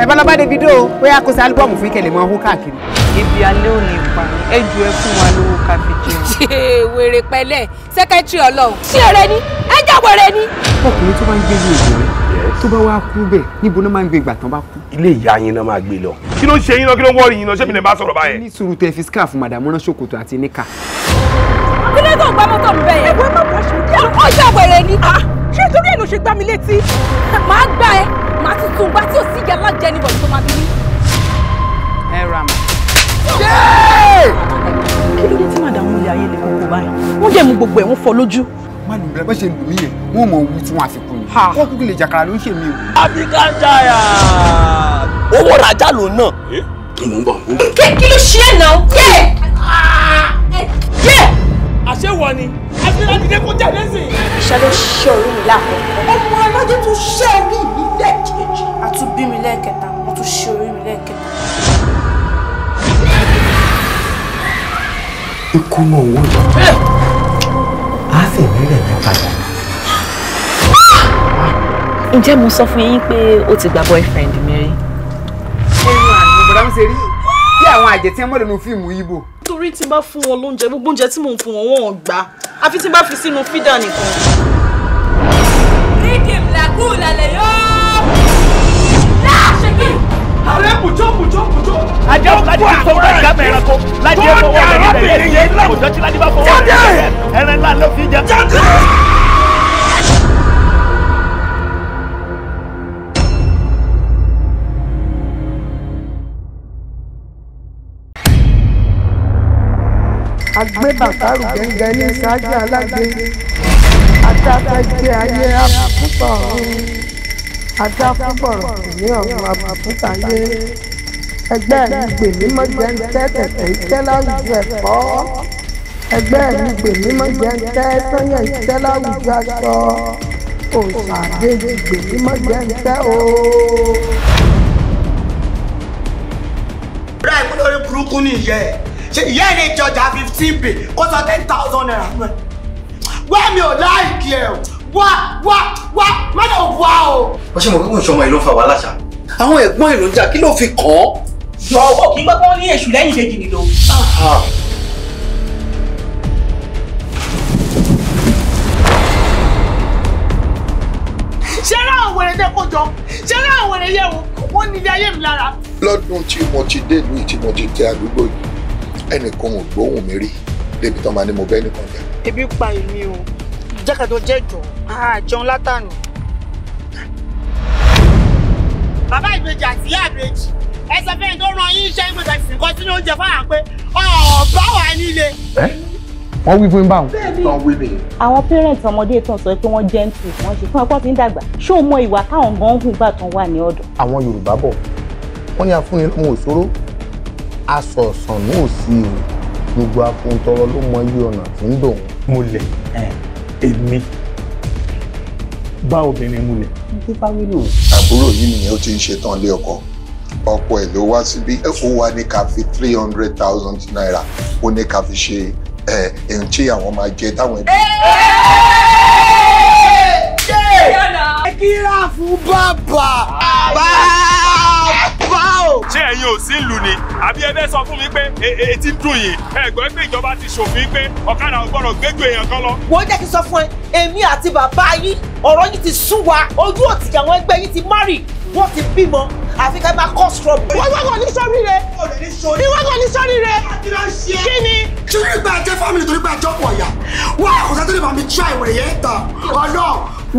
ẹ bá lọ bá Davido o bóyá kó sí álúbọ̀mù fún ìkẹlẹ̀ mọ́ owó káàkiri. ibi alẹ́ ò ní pa ẹ ju ẹ fún wa lówó ká fi jẹun. ṣe wèrè pẹ̀lẹ́ sẹkẹtiri Ọlọ́run ṣé èrè ni ẹ jẹ wèrè ni. ọkùnrin tó bá ń gbé ní ìbò rẹ tó bá wá kú bẹ́ẹ̀ níbo ló máa ń gbé ìgbà tán bá kú. ilé ìyá yín náà máa gbé lọ. kí ló ń ṣe yín náà kí ló ń wọ́ọ̀rì yín náà ṣé mi lè bá sọ̀rọ̀ báyẹn. ní sùúrù tẹ fi scarf màdàmú rán ṣòkòtò àti níkà. kílẹ̀ tó gbá mọ́tò mi bẹ́ẹ̀. ẹ̀gbọ́n má bọ̀ ṣe kí ọjà wẹ̀rẹ̀ ni. Ah! ṣé torí ẹ̀ ló ṣe gbá mi létí? màá gbá ẹ tuntun gba tí ò sí ìyá alájẹ ni bọ̀dé tó máa bí ní. ẹ ra mi. kí ló dé tí màdàmú ilé ayé lè kókó báyìí wọ́n dẹ̀ mú gbogbo ẹ̀ wọ́n fọ́ lójú. má lù bẹ́ẹ̀ bẹ́ẹ̀ ṣe lù mí yẹn wọ́n mọ̀ wí tí wọ́n á fi kún mi. wọ́n kúkú lè jàkàrà ló ń ṣe mí o. àbíká jaya owó rajà ló náà. kí ló ṣe é náà. Ah! àṣewọ ni àṣírí àdìdẹ kó jáde sí. ìṣẹ́ ló ṣe orí mi lákòókò. ọmọ alájẹ tún ṣe orí mi lẹ́ẹ̀kejì. a tún bí mi lẹ́ẹ̀kẹta wọ́n tún ṣe orí mi lẹ́ẹ̀kẹta. ikú mọ owó yìí á fẹ̀mí rẹ̀ ní padà. ǹjẹ́ mo sọ fún yín pé o ti gba boyfriend mi rí. ẹnu àná bọ̀dá ń ṣe rí bí àwọn àjẹtí ẹ mọ́ lẹ́nu fíìmù ibo torí tí n bá fún wọn lóúnjẹ gbogbo oúnjẹ tí mò ń fún wọn wọn ò gbà àfi tí n bá fi sínú fídà nìkan. rídìm làkú lálẹ́ yóò láṣẹ kí. ààrẹ bùjọ́ bùjọ́ bùjọ́. ajá ó kájí tó ń gbàgbà mẹ́rin kó lájẹ́ fọwọ́ rẹ̀ níbẹ̀ yẹn kò jọ́jú ládìbá fọwọ́ rẹ̀ níbẹ̀ ẹ̀rẹ̀ ńlá ló fi jẹ́. jáde. agbé bàtàrù gẹ́gẹ́ ní sáájú alágbe adáfẹ́jẹ́ ayé àbùkùtà ọ̀run adáfúbọ̀rọ̀ kù ní ọ̀run àbùkùtà ayé ẹgbẹ́ mi gbè mí mọ́ jẹ́ ń tẹ́ tẹ̀tẹ̀ iṣẹ́ láwùjọ ẹ̀kọ́ ẹgbẹ́ mi gbè mí mọ́ jẹ́ ń tẹ́ sọ́yàn iṣẹ́ láwùjọ aṣọ òòṣà àdéjì gbè mí mọ́ jẹ́ ń tẹ́ ooo. rẹ́ẹ̀ kúlórí burúkú nìyẹn ṣe ìyá ẹ̀ lè jọjà fifteen bay kó sọ ten thousand naira fún ẹ wá mi ò láìkí ẹ o wá wá wá má lè wá o. wọ́n ṣe mọ̀ pé kò ń ṣọmọ ìlú fa wàhálà ṣá. àwọn ẹ̀gbọ́n ìlú ń jà kí ló fi kàn án. yọ̀wọ́ kí gbọ́dọ̀ ní èṣù lẹ́yìn kejì nìlò. ṣé rá àwọn èrè tẹ́ kó jọ ṣé rá àwọn èrè yẹ̀ wò wọ́n ní ilé ayé mi lára. lọ́dún tí mo ti dé ìlú tí mo ti tẹ àdúgbò yìí ẹnìkan ò gbóhùn mi rí débi tán máa ní mo bẹ́ nìkan jẹ. ebi pa èmi o jákèjọ jẹjọ àjọun látànù. bàbá ìbejì àti ìyá ìbejì ẹ sọ fẹ́ni tó ran yín iṣẹ́ ìgbésẹ̀ ìsìnkọ́ sínú oúnjẹ fáwọn pé ọ̀ọ́bá wà nílé. wọ́n wí fún yín báwọn. àwọn parents ọmọdé tán sọ pé wọ́n gentle wọ́n ṣe fún ọpọ́ tí ń dàgbà ṣé o mọ ìwà táwọn gan ń hùwà tán wà ní ọ̀dọ̀. àwọn Yorùbá bọ̀ wọ́n ní afúnilọ́mọ òṣòro asọ̀sàn náà sí o gbogbo afuntọrọ ló mọ iye ọ̀nà tí ń dùn. mulẹ̀ èmi bá obìnrin mulẹ̀. bí bá wílò. àbúrò yìí nìyẹn ó ti ń ṣetán lé ọkọ ọkọ ẹ̀ ló wá síbí ó wá ní ká fi three hundred thousand naira ó ní ká fi ṣe ẹ̀hún tí àwọn máa jẹ táwọn ẹbí. kíra fún bàbá bàbá ṣé ẹ̀yin ò sí ìlú ni àbí ẹ fẹ́ sọ fún mi pé e, e, etí dùn yìí ẹ̀gbọ́n pé ìjọba ti ṣòfin pé ọ̀kadà ò gbọ́dọ̀ èèyàn kan lọ. wo jẹ́ kí sọ fún ẹ èmi àti bàbá yín ọ̀rọ̀ yìí ti sún wa ojú òtìjà àwọn ẹgbẹ́ yín ti márì wọ́n ti bímọ àfi ká máa kọ́ strọ́bù. wọ́n wá kàn ní sọ́rí rẹ̀ ní wọ́n kàn ní sọ́rí rẹ̀ kí ni. ṣé ìgbà jẹ́ fámìlì torí pé àjọ pọ̀ yà wá àkọsẹ́ tó lè bá mi tú àìwẹ̀ yẹn tà ọ̀nà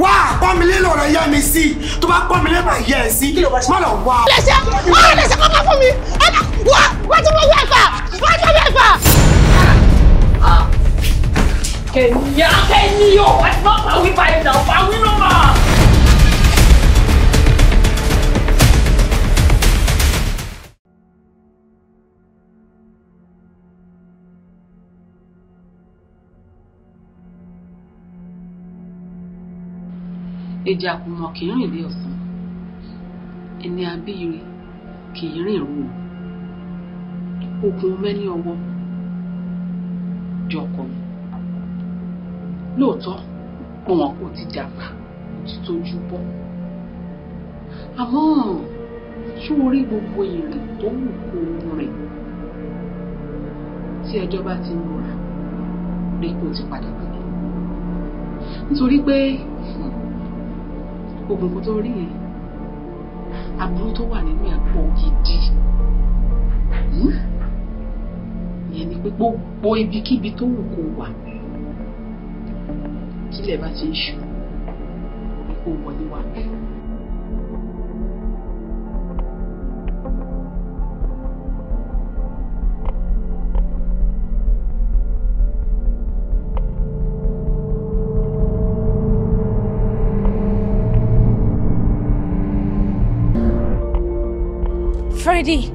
wá pọ́nmilé lọ́rọ̀ yẹ mi sí tó bá pọ́nmilé máa yẹ ẹ sí má lọ wá. lẹsẹ ọ lẹsẹ kọkọ fún mi wá wá tó wọ́n wẹ̀fà wá tó wẹ̀fà. kẹ̀yìn yà kẹ̀yìn yóò wá tó bá wí báyìí náà bá wí náà. Èjì àkùmọ̀ kì í rìn lé ọ̀sán. Ẹni abíire kì í rìn rú o. Okùn mẹ́ni ọwọ́ jọkọ̀ mi. Lóòótọ́, mo mọ̀ pé o ti dàgbà, o ti tójú bọ́. Àmọ́ ṣó o rí gbogbo ìrìn tó wù kó o rìn? Tí ẹjọ́ bá ti ń múra, rí pé o ti padà pẹ̀lú. Nítorí pé oògùn kan tó rí yẹn aburú tó wà nínú ẹ̀ pọ̀ gidi hmm? ìyẹn ni pé gbogbo ibikíbi tó wù kó wà kílẹ̀ bá ti ń ṣù kó wọlé wà bẹ́ẹ̀. Daddy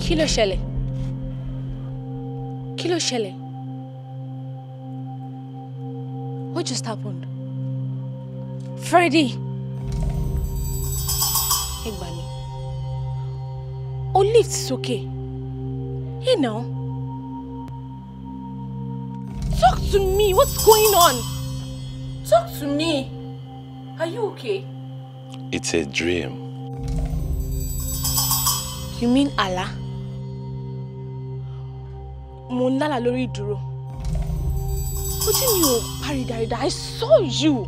kí ló ṣẹlẹ̀ kí ló ṣẹlẹ̀ what just happened Freddy ẹ gbà mí ó lift sókè hey now talk to me what's going on talk to me are you okay. It's a dream. You mean Allah? Mundala lórí Duro. Ojú did ò paridàridà, I saw you.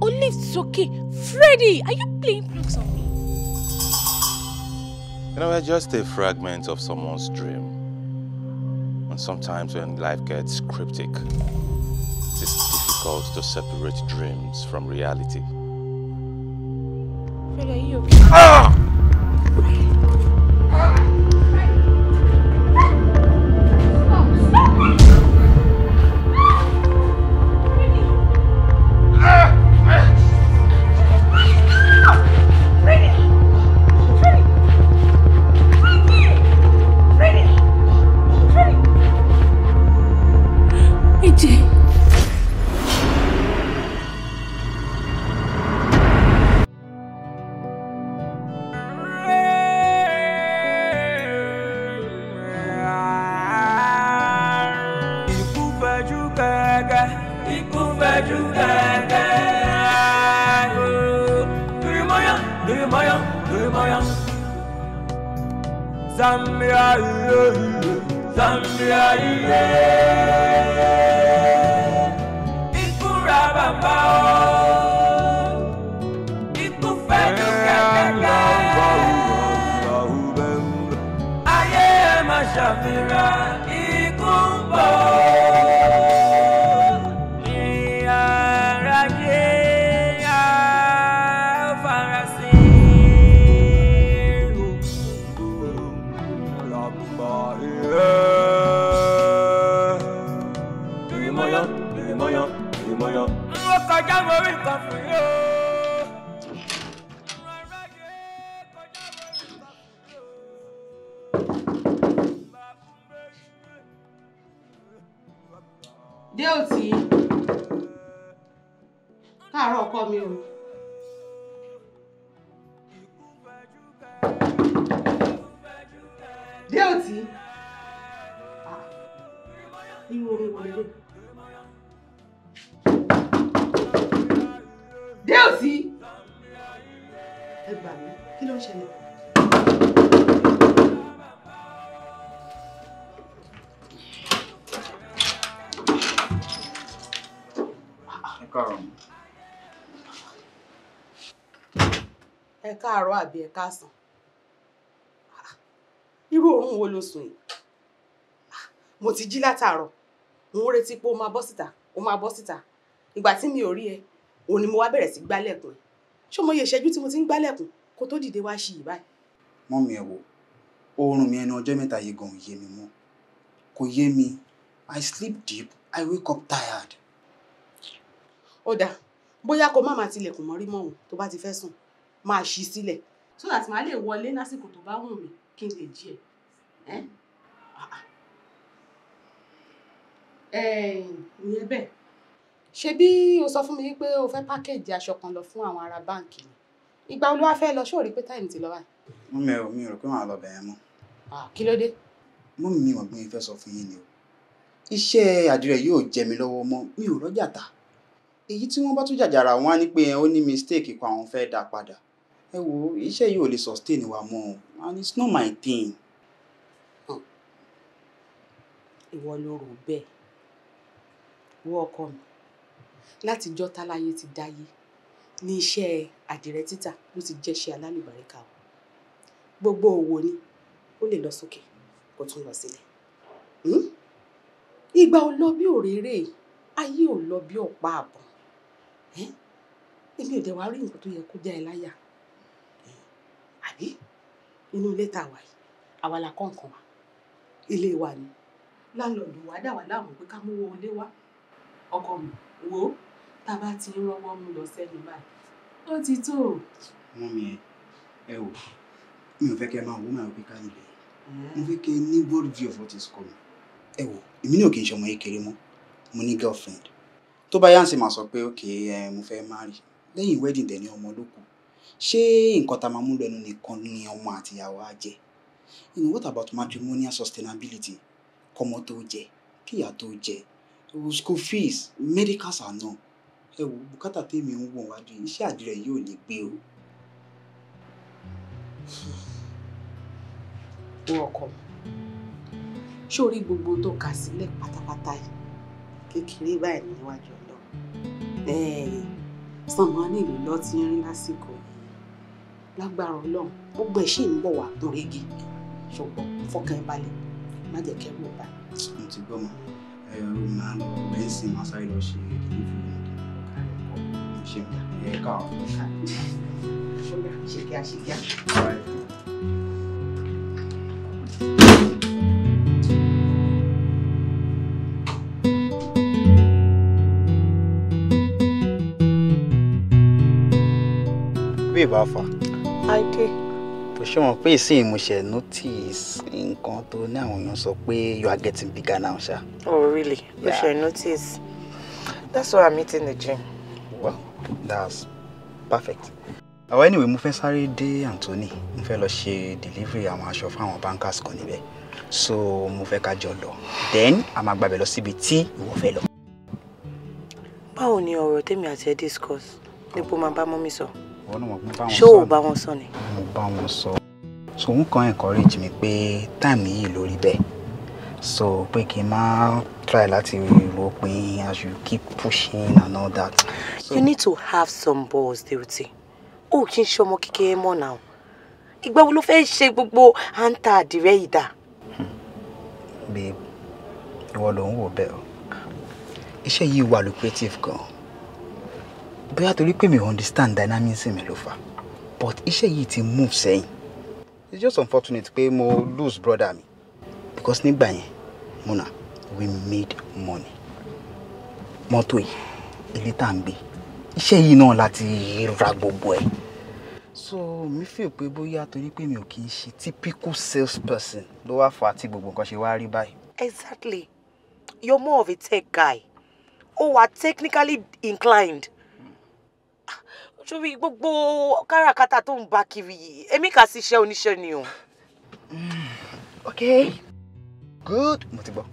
Oh, it's okay, Freddy, are you playing pranks on me? You know, we're just a fragment of someone's dream. And sometimes when life gets cryptic, it's difficult to separate dreams from reality. Freddy, are you okay? Ah! káàárọ̀ àbí ẹ káàsán ah, irú òórùn wo ló sùn yìí ah, mo ti jí látàárọ̀ mo ń retí pé ó máa bọ́ síta ó máa bọ́ síta ìgbà tí mi ò rí ẹ òun ni mo wá bẹ̀rẹ̀ sí gbálẹ̀kùn ẹ ṣé mo yẹ ìṣẹ́jú tí mo ti ń gbálẹ̀kùn kó tó dìde wá ṣì yìí báyìí. mọ́ mi ẹ̀ wò oorun mi ẹnu ọjọ́ mẹ́ta yìí gan yé mi mọ́ kò yé mi i sleep deep i wake up tired. ó dáa bóyá kó má máa tilẹ̀kùn mọ́rí mọ́ òun tó bá ti fẹ́ sùn máa ṣí sílẹ̀ so that màá lè wọlé lásìkò tó bá wù mí kí n lè jí ẹ ah, ah. ìyẹn bẹ́ẹ̀ ṣe bí o sọ fún mi pé o fẹ́ pákéjì aṣọ kan lọ fún àwọn ará báǹkì ni ìgbà olúwa fẹ́ lọ ṣóòrí pé táìmù ti lọ wá. mo mẹ o mi rò pé màá lọ bẹ̀rẹ̀ mọ́. Ah, kí ló dé. mo mi wọn gbé ifẹ́ sọ fún yín ni o iṣẹ́ àdìrẹ yóò jẹ mi lọ́wọ́ mọ́ mi ò rọ́jà ta èyí tí wọ́n bá tún jàjàrà wọn á ní pé ó ní mistake kan àwọn fẹ́ dá padà ẹ wo iṣẹ́ yìí ò lè sustain wa mọ́ o and it's not my thing. ìwọ ló rò bẹ́ẹ̀ wọ ọkọ mi látijọ́ táláyé ti dáyé ní iṣẹ́ àdìrẹ títà ló ti jẹ́ṣẹ́ alálùbáríkà o gbogbo òwò ni ó lè lọ sókè kó tún lọ sílẹ̀ ìgbà ò lọ bí òréré ayé ò lọ bí ọ̀pá àbọ̀ èmi ò dẹ̀ wá rí nǹkan tó yẹ kó já ẹ láyà àbí inú ilé tá a wà yìí àwa la kọ́ nǹkan wa ilé wa ni láńlọ́ọ̀dù wa dà wá láàmú pé ká mú wọlé wá ọkọ mi wo tá a bá ti ń rọwọ́ mú lọ sẹ́nu báyìí ó ti tó. wọ́n mi ẹ wò mi ò fẹ́ kí ẹ máa wò máa wípé ká ilẹ̀ mo fẹ́ kí ẹ ní bold view of what is coming ẹ wò èmi náà kì í ṣọmọ kékeré mọ́ mo ní girlfriend tó bá yá ń ṣe máa sọ pé ok mo fẹ́ marry lẹ́yìn wedding dẹ̀ ni ọmọ ló kù Ṣé nǹkan tá a máa mú lẹ́nu nìkan ni ọmọ àti á jẹ? You know, what about matrimonial sustainability? Kọ́mọ tó jẹ, kíyà tó jẹ, school fees, medicals and all. Ẹ wo bùkátà tí èmi ń wò wájú yìí, iṣẹ́ àdìrẹ yìí ò lè gbé o. Wo ọkọ mi, ṣé o rí gbogbo tó kà sílẹ̀ pátápátá yìí? Kékeré báyìí níwájú Ọlọ́run. Bẹ́ẹ̀, sànmọ́ nílùú lọ́ ti ń rí lásìkò yìí lágbára ọlọ́run gbogbo ẹ̀ sì ń bọ̀ wá gbòrègì ṣùgbọ́n fọkàn ẹ̀ balẹ̀ má jẹ́ kẹ́rù ẹ̀ bá. mo ti gbọ́ mọ ẹ ọ máa ń lọ bẹ́ẹ̀ sì máa sáré lọ ṣe ìdílé fún mi ṣe mi ẹ ká ọ. ṣe kíá ṣe kíá. bí ìbá fà Adé. Tó ṣe wọn pé ìsìn mo notice nǹkan tó ní àwọn èèyàn sọ pé you are getting bigger now ṣá. Oh really? Mo yeah. ṣe notice. That's why I'm meeting the gym. Well, that's perfect. Àwọn anyway mo fẹ́ sáré dé Anthony mo fẹ́ lọ ṣe delivery àwọn aṣọ fáwọn bankers kan níbẹ̀ so mo fẹ́ ká jọ lọ then a máa gbàbẹ̀ lọ síbi tí ìwọ fẹ́ lọ. Báwo ni ọ̀rọ̀ tèmi àti ẹ discuss nípò máa bá mọ́mí sọ? So? ṣó o bá wọn so n kan encourage mi pé táìmù yìí lórí bẹ́ẹ̀ so pé kí n máa try láti ro pé as you keep pushing and all that. So, you need to have some balls Deoti o kì í ṣe ọmọ kékeré mọ́ náà ìgbà wo ló fẹ́ ṣe gbogbo à ń ta babe ìwọ ló ń wò bẹ́ẹ̀ o iṣẹ́ yìí wà lucrative gan-an bóyá torí pé mi understand dynamics mi ló fà but iṣẹ́ yìí ti move sẹ́yìn it's just unfortunate pé mo lose brother mi because nígbà yẹn muna we made money mọ́tò yìí ilé tá à ń gbé iṣẹ́ yìí náà láti ra gbogbo ẹ̀ so mi feel pé bóyá torí pé mi ò kì í ṣe typical salesperson ló wá fà á tí gbogbo nǹkan ṣe wá rí báyìí. exactly you're more of a tech guy ó wà technically inclined sórí gbogbo káràkátà tó ń bá kiri yìí èmi kà sí iṣẹ́ oníṣẹ́ ni o. ok good mo ti gbọ́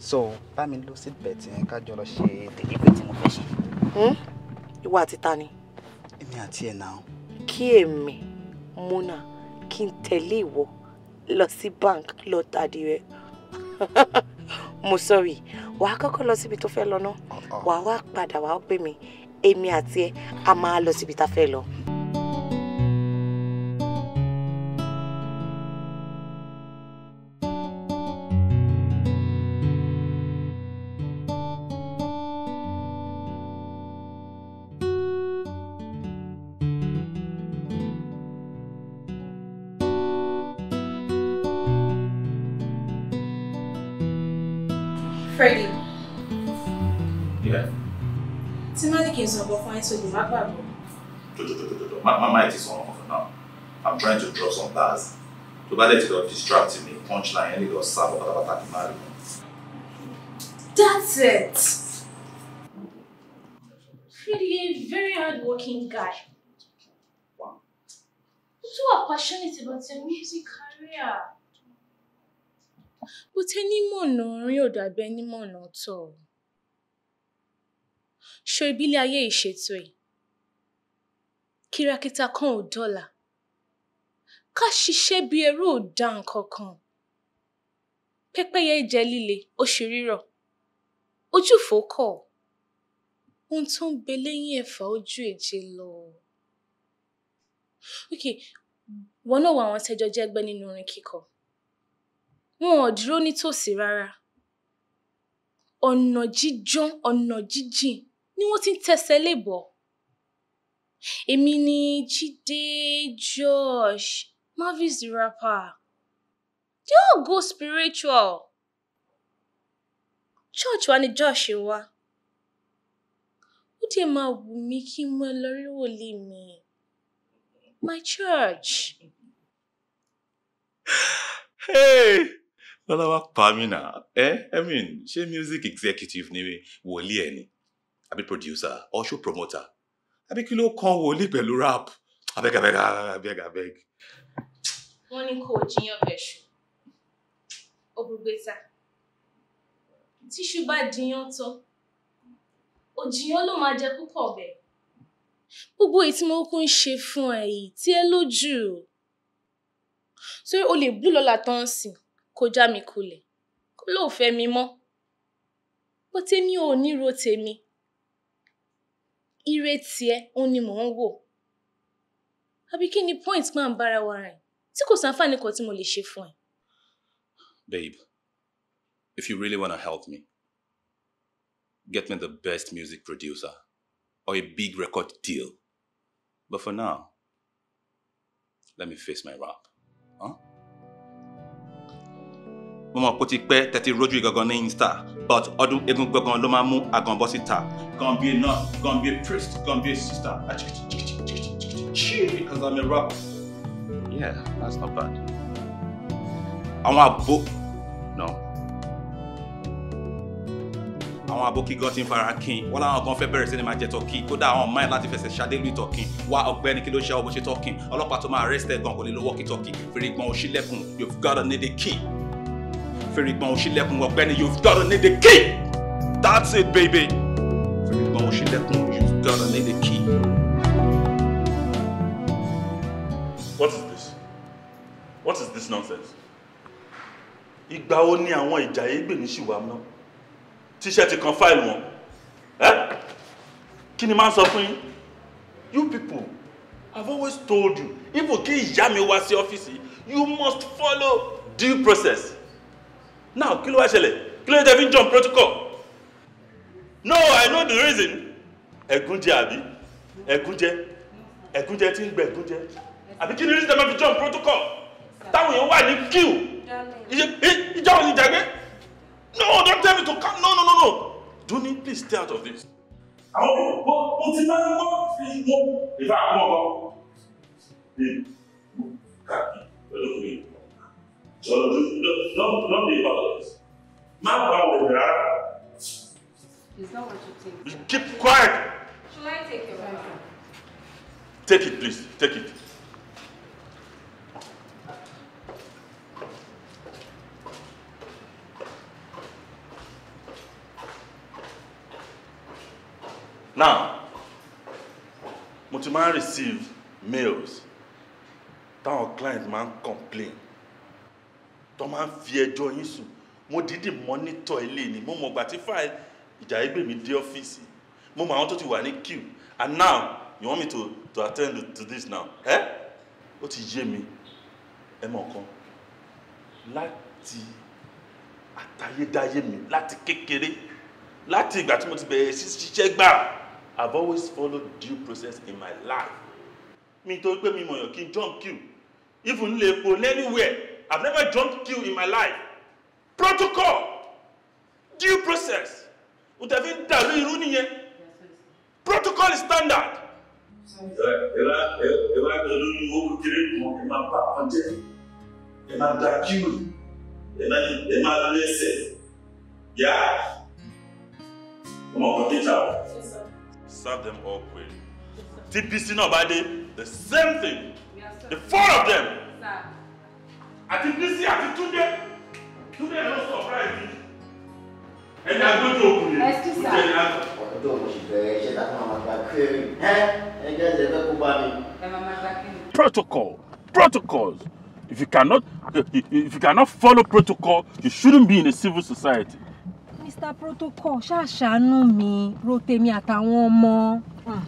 so bá mi lo seatbelt yẹn ká jọ lọ ṣe delivery tí mo fẹ́ ṣe. Hmm? ìwà àti ta ni. èmi àti ẹ̀ náà. kí èmi múnà kí n tẹ̀lé ìwọ lọ sí bank lọ tàdí rẹ mo sọrí wàá kọ́kọ́ lọ síbi tó fẹ́ lọ ná uh-uh. wàá wá padà wàá gbé mi èmi àti ẹ a máa lọ síbi tá a fẹ́ lọ. ọkùnrin sojù má gbàgbọ́. jọjọjọjọjọ má má ti sọ̀rọ̀ kankan náà i'm trying to draw some bars To bá dẹ̀ ti lọ distract me punchline ẹni lọ sábà pátápátá kí n má rí wọn. that's it. really a very hardworking guy. Wow. so passionate about your music career. But tẹ́ ní mọ̀nà orin ò dàbẹ́ more not tọ̀ ṣó ibílẹ̀ ayé ìṣètò ẹ̀ kìràkìtà kan ò dọ́là ká ṣiṣẹ́ bí ẹrú ò dá nǹkan kan pẹ́pẹ́yẹ jẹ líle ó ṣe rírọ̀ ojúfò kọ̀ ohun tó ń bẹ lẹ́yìn ẹ̀fà ojú èje lọ. okay wọn náà wọ àwọn tẹjọ jẹgbẹ́ nínú orin kíkọ wọn ò dúró nítòsí rárá ọ̀nà jíjọ́n ọ̀nà jíjìn ni wọ́n ti ń tẹsẹ̀ lébọ̀ èmi ni Jídé Josh Marvis the rapper they all go spiritual church wa ni Josh wa ó dẹ̀ máa wù mí kí n mọ lọ rí wòlíì mi my church. hey lọ́lá wa pa mí náà ẹ́ eh, I mean ṣé music executive ni wòlíì any. ni àbí producer or show promoter àbí kí ló kan wòlíì pẹ̀lú rap abeg abeg abeg abeg. wọ́n ní kò jiyàn bẹ̀ṣù ògbùgbẹ́ta tíṣù bá jiyàn tán òjìyàn ló máa jẹ púpọ̀ bẹ́ẹ̀. gbogbo èyí tí mo kún ń ṣe fún ẹ yìí tí ẹ lójú ṣé o lè bú lọ́la tán sí kó já mi kulẹ̀ kó lóò fẹ́ mi mọ́ bó tèmi ò ní ro tèmi ire tiẹ̀ òun ni mò ń wò àbí kí ni point máa ń bára wa rìn tí kò sáǹfààní kan tí mo lè ṣe fún ẹ. Babe, if you really wanna help me, get me the best music producer or a big record deal. But for now, let me face my rap. mo mọ̀ pé ó ti pẹ́ tẹ́tí rójú gangan ní insta but ọdún egun gangan ló máa mú àgàn síta gonna be a nun gonna be a priest gonna be a sister because i'm a rapper yeah that's not bad àwọn àbó no àwọn abókí gan ti ń fara kin wọn láwọn kan fẹ́ bẹ̀rẹ̀ sí ni máa jẹ tọkí kódà àwọn máìn láti fẹsẹ̀ ṣàdélù ìtọkí wá ọ̀gbẹ́ni kí ló ṣe ọbọ ṣe tọkí ọlọ́pàá tó máa arrest ẹ gan kò lè lọ wọkí tọkí fèrè gbọn òṣìlẹ̀kùn you've gotta need a key fèrègbọn òṣìlẹ̀kùn ọ̀gbẹ́ni you've gotta need the key that's it baby fèrègbọn òṣìlẹ̀kùn you've gotta need the key. what is this what is this nonsense ìgbà wo ni àwọn ìjà yìí gbèmí sì wà mọ́ tíṣẹ́ ti kan fáìlì wọn kí ni máa ń sọ fún yín you people I've always told you even kí ìyá mi wá sí ọ́fíìsì you must follow due process now kí ló wá ṣẹlẹ̀ kí ló dé fi jump protocol no i know the reason ẹ̀gúnjẹ àbí ẹ̀gúnjẹ ẹ̀gúnjẹ tí ń gbẹ ẹ̀gúnjẹ àbí kí ni reason tẹ́ máa jump protocol táwọn èèyàn wà ní queue ìjọ òní jàgbé no don't tell me to come no no no no Dunni please stay out of this. àwọn olùkọ́ mo ti máa ń gbọ́ ìfowópamọ́ ìfowópamọ́ ọ̀gá kàkí pẹ̀lú mi. Don't, don't, don't be about it. Not about it, right? It's not what you think. Keep quiet. Should I take your wife? Take it, please. Take it. Now, Mutima ti máa ń receive mails táwọn client máa ń complain tó máa ń fi ẹjọ́ yín sùn mo dídì mọ́nítọ̀ ilé ni mo mọ̀gbà tí fáì ìjà ẹgbẹ́ mi dé ọ́fíìsì mo mọ àwọn tó ti wà ní queue and now you want me to to attend to this now ẹ ó ti yé mi ẹ mọ̀ kan láti àtayédáyé mi láti kékeré láti ìgbà tí mo ti bẹ̀rẹ̀ sí ṣiṣẹ́ gbà I've always followed due process in my life mi tó pé mi mọ̀yàn kí n jump queue even lè po anywhere I've never jumped queue in my life. Protocol, due process. O tẹ̀ fi ń dàlú irú nìyẹn. Protocol is standard. Ìwà ìwà pẹ̀lú ni owó kéré mọ́ ẹ máa bá wọn jẹ. Ẹ máa da kíwì. Ẹ máa lọ ẹsẹ̀. Yá. Ọmọ kan dé ta o. Serve them all quick. TPC náà bá dé the same thing. The four of them. Sir àti Bísí àti Túndé Túndé ló surprise mi ẹni agbójú òkun yẹn ó jẹ ìyá àgbà. ọ̀dọ́ mo sì bẹ̀rẹ̀ iṣẹ́ tá a fún àwọn àgbà kiri ẹ́ ẹ jẹ́ ẹ̀jẹ̀ fẹ́ kó bá mi. protocol protocols if you cannot if you cannot follow protocol you shouldn't be in a civil society. mr protocol ṣàṣàánú mi ro tèmi àtàwọn ọmọ ah,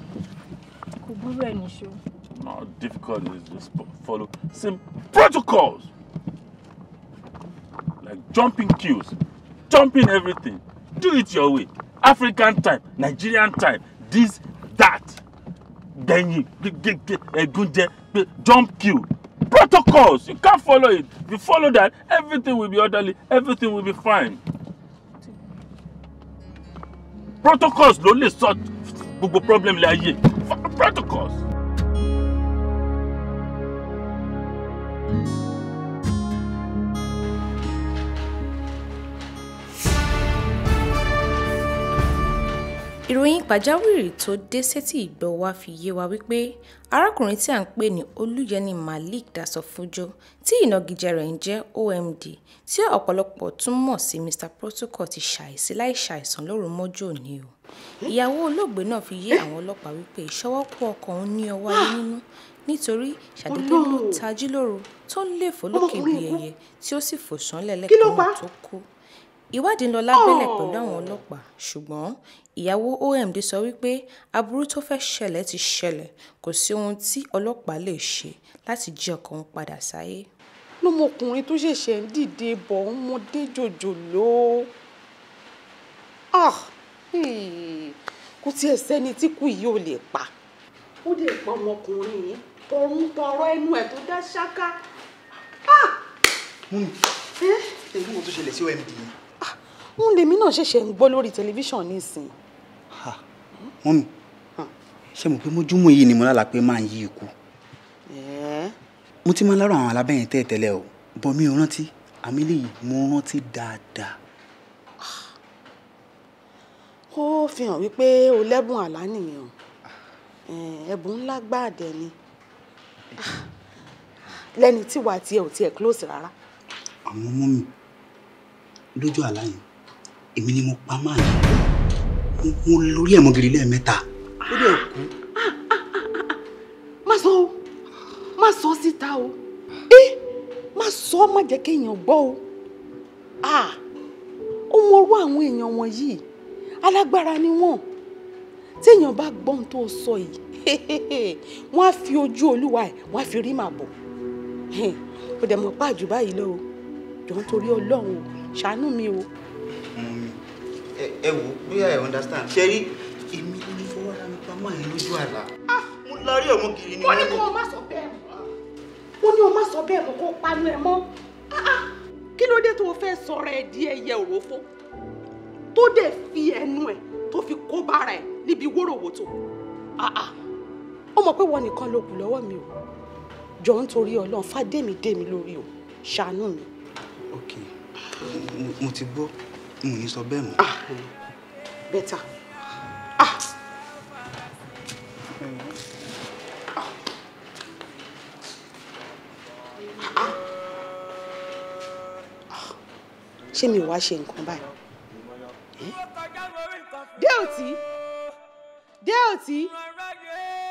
kò burú ẹ̀ níṣó. how difficult is just follow same protocols like jumping queues, jumping everything. Do it your way. African time, Nigerian time, this, that. Then you get a jump queue. Protocols, you can't follow it. If you follow that, everything will be orderly, everything will be fine. Protocols ló lè sort gbogbo problem lè ayé. Protocols. ìròyìn pàjáwìrì tó dé sétí ìgbọ́ wa fi yé wa wípé arákùnrin tí à ń pè ní olùyẹni malik dasofunjo tí ìnagijẹ rẹ̀ ń jẹ́ omd tí ọ̀pọ̀lọpọ̀ tún mọ̀ sí mr protocol ti ṣàìsí láì ṣàìsàn lóru mọ́jú òní o ìyàwó olóògbé náà fi yé àwọn ọlọ́pàá wípé ìṣọwọ́kú ọkọ̀ òun ní ọwọ́ ayé nínú nítorí ṣàdédé ló tají lóru tó ń léfò lókè bí ẹyẹ tí ó sì fò sánlẹ̀ lẹ́kọ̀ọ́ tó kú ìwádìí ń lọ lábẹ́lẹ̀ pẹ̀lú àwọn ọlọ́pàá ṣùgbọ́n ìyàwó OMD sọ wípé aburú tó fẹ́ẹ́ ṣẹlẹ̀ ti ṣẹlẹ̀ kò sí ohun tí ọlọ́pàá lè ṣe láti jí ọkọ òun padà sáyé. lọ́mọkùnrin tó ṣẹ̀ṣẹ̀ ń dìde bọ̀ ń mọdé jòjòló ah, kò tiẹ̀ sẹ́ni tí kú yìí ò lè pa. ó lè pa ọmọkùnrin yìí tọrún tọrọ ẹnu ẹ̀ tó dá ṣáká. mú mi ṣe ìlú wo tó ṣẹlẹ̀ sí OMD yìí. ń ah, lèmi náà ṣẹ̀ṣẹ̀ ń gbọ́ lórí tẹlifíṣàn nísìnyí wọ́n mi ṣe mọ̀ pé mójúmọ́ yìí ni mo lálàá pé máa ń yí ikú. mo ti máa ń lárò àwọn alábẹ́yìn tẹ́ tẹ́lẹ̀ o bọ́ mi ò rántí àmì eléyìí mo rántí dáadáa. ó fi hàn wípé o lẹ́bùn àlá nìyẹn o ẹ̀bùn ńlá gbáàdẹ̀ ni lẹ́ni tí wàá tiẹ̀ ò tiẹ̀ close rárá. àwọn ọmọ mi lójú àlá yẹn èmi ni mo pa máa yẹn mo lórí ẹ̀ mọ́gìrì lẹ́ẹ̀mẹ́ta ó dẹ̀ kú. má sọ o má sọ síta o ẹ má sọ má jẹ́ kéèyàn gbọ́ o ó mọ orú àwọn èèyàn wọ̀nyí alágbára ni wọ́n téèyàn bá gbọ́ ohun tó sọ yìí wọ́n á fi ojú olúwa ẹ̀ wọ́n á fi rí màá bọ̀ ó dẹ̀ mọ̀ pàjù báyìí lọ o jọ̀ọ́ ọlọ́run o ṣàánú mi o ẹ wò bóyá ẹ understand ṣe rí èmi ni fọwọ́ ra mi pamọ́ ẹ lójú àlá ah, mo larí ẹ̀ mo kiri ni wọ́n ní kó o má sọ bẹ́ẹ̀ mọ́ wọ́n ní o má sọ bẹ́ẹ̀ mọ́ kó o panu ẹ̀ mọ́ ah, ah, kí ló dé tó o fẹ́ sọ̀rọ̀ ẹ̀ di ẹyẹ òrófó tó dẹ̀ fi ẹnu ẹ̀ tó fi kó bára ẹ̀ níbi wórówótó ó mọ̀ pé wọ́n nìkan ló kù lọ́wọ́ mi o jọ ń torí ọlọ́run fàdémi dèmi lórí o ṣàánú mi. ok mo ti gbọ́ n ò ní sọ bẹ́ẹ̀ mọ́. Ah, bẹ́tà. Ah. ṣé mi ò wá ṣe nǹkan báyìí. Eh? dé òtí dé òtí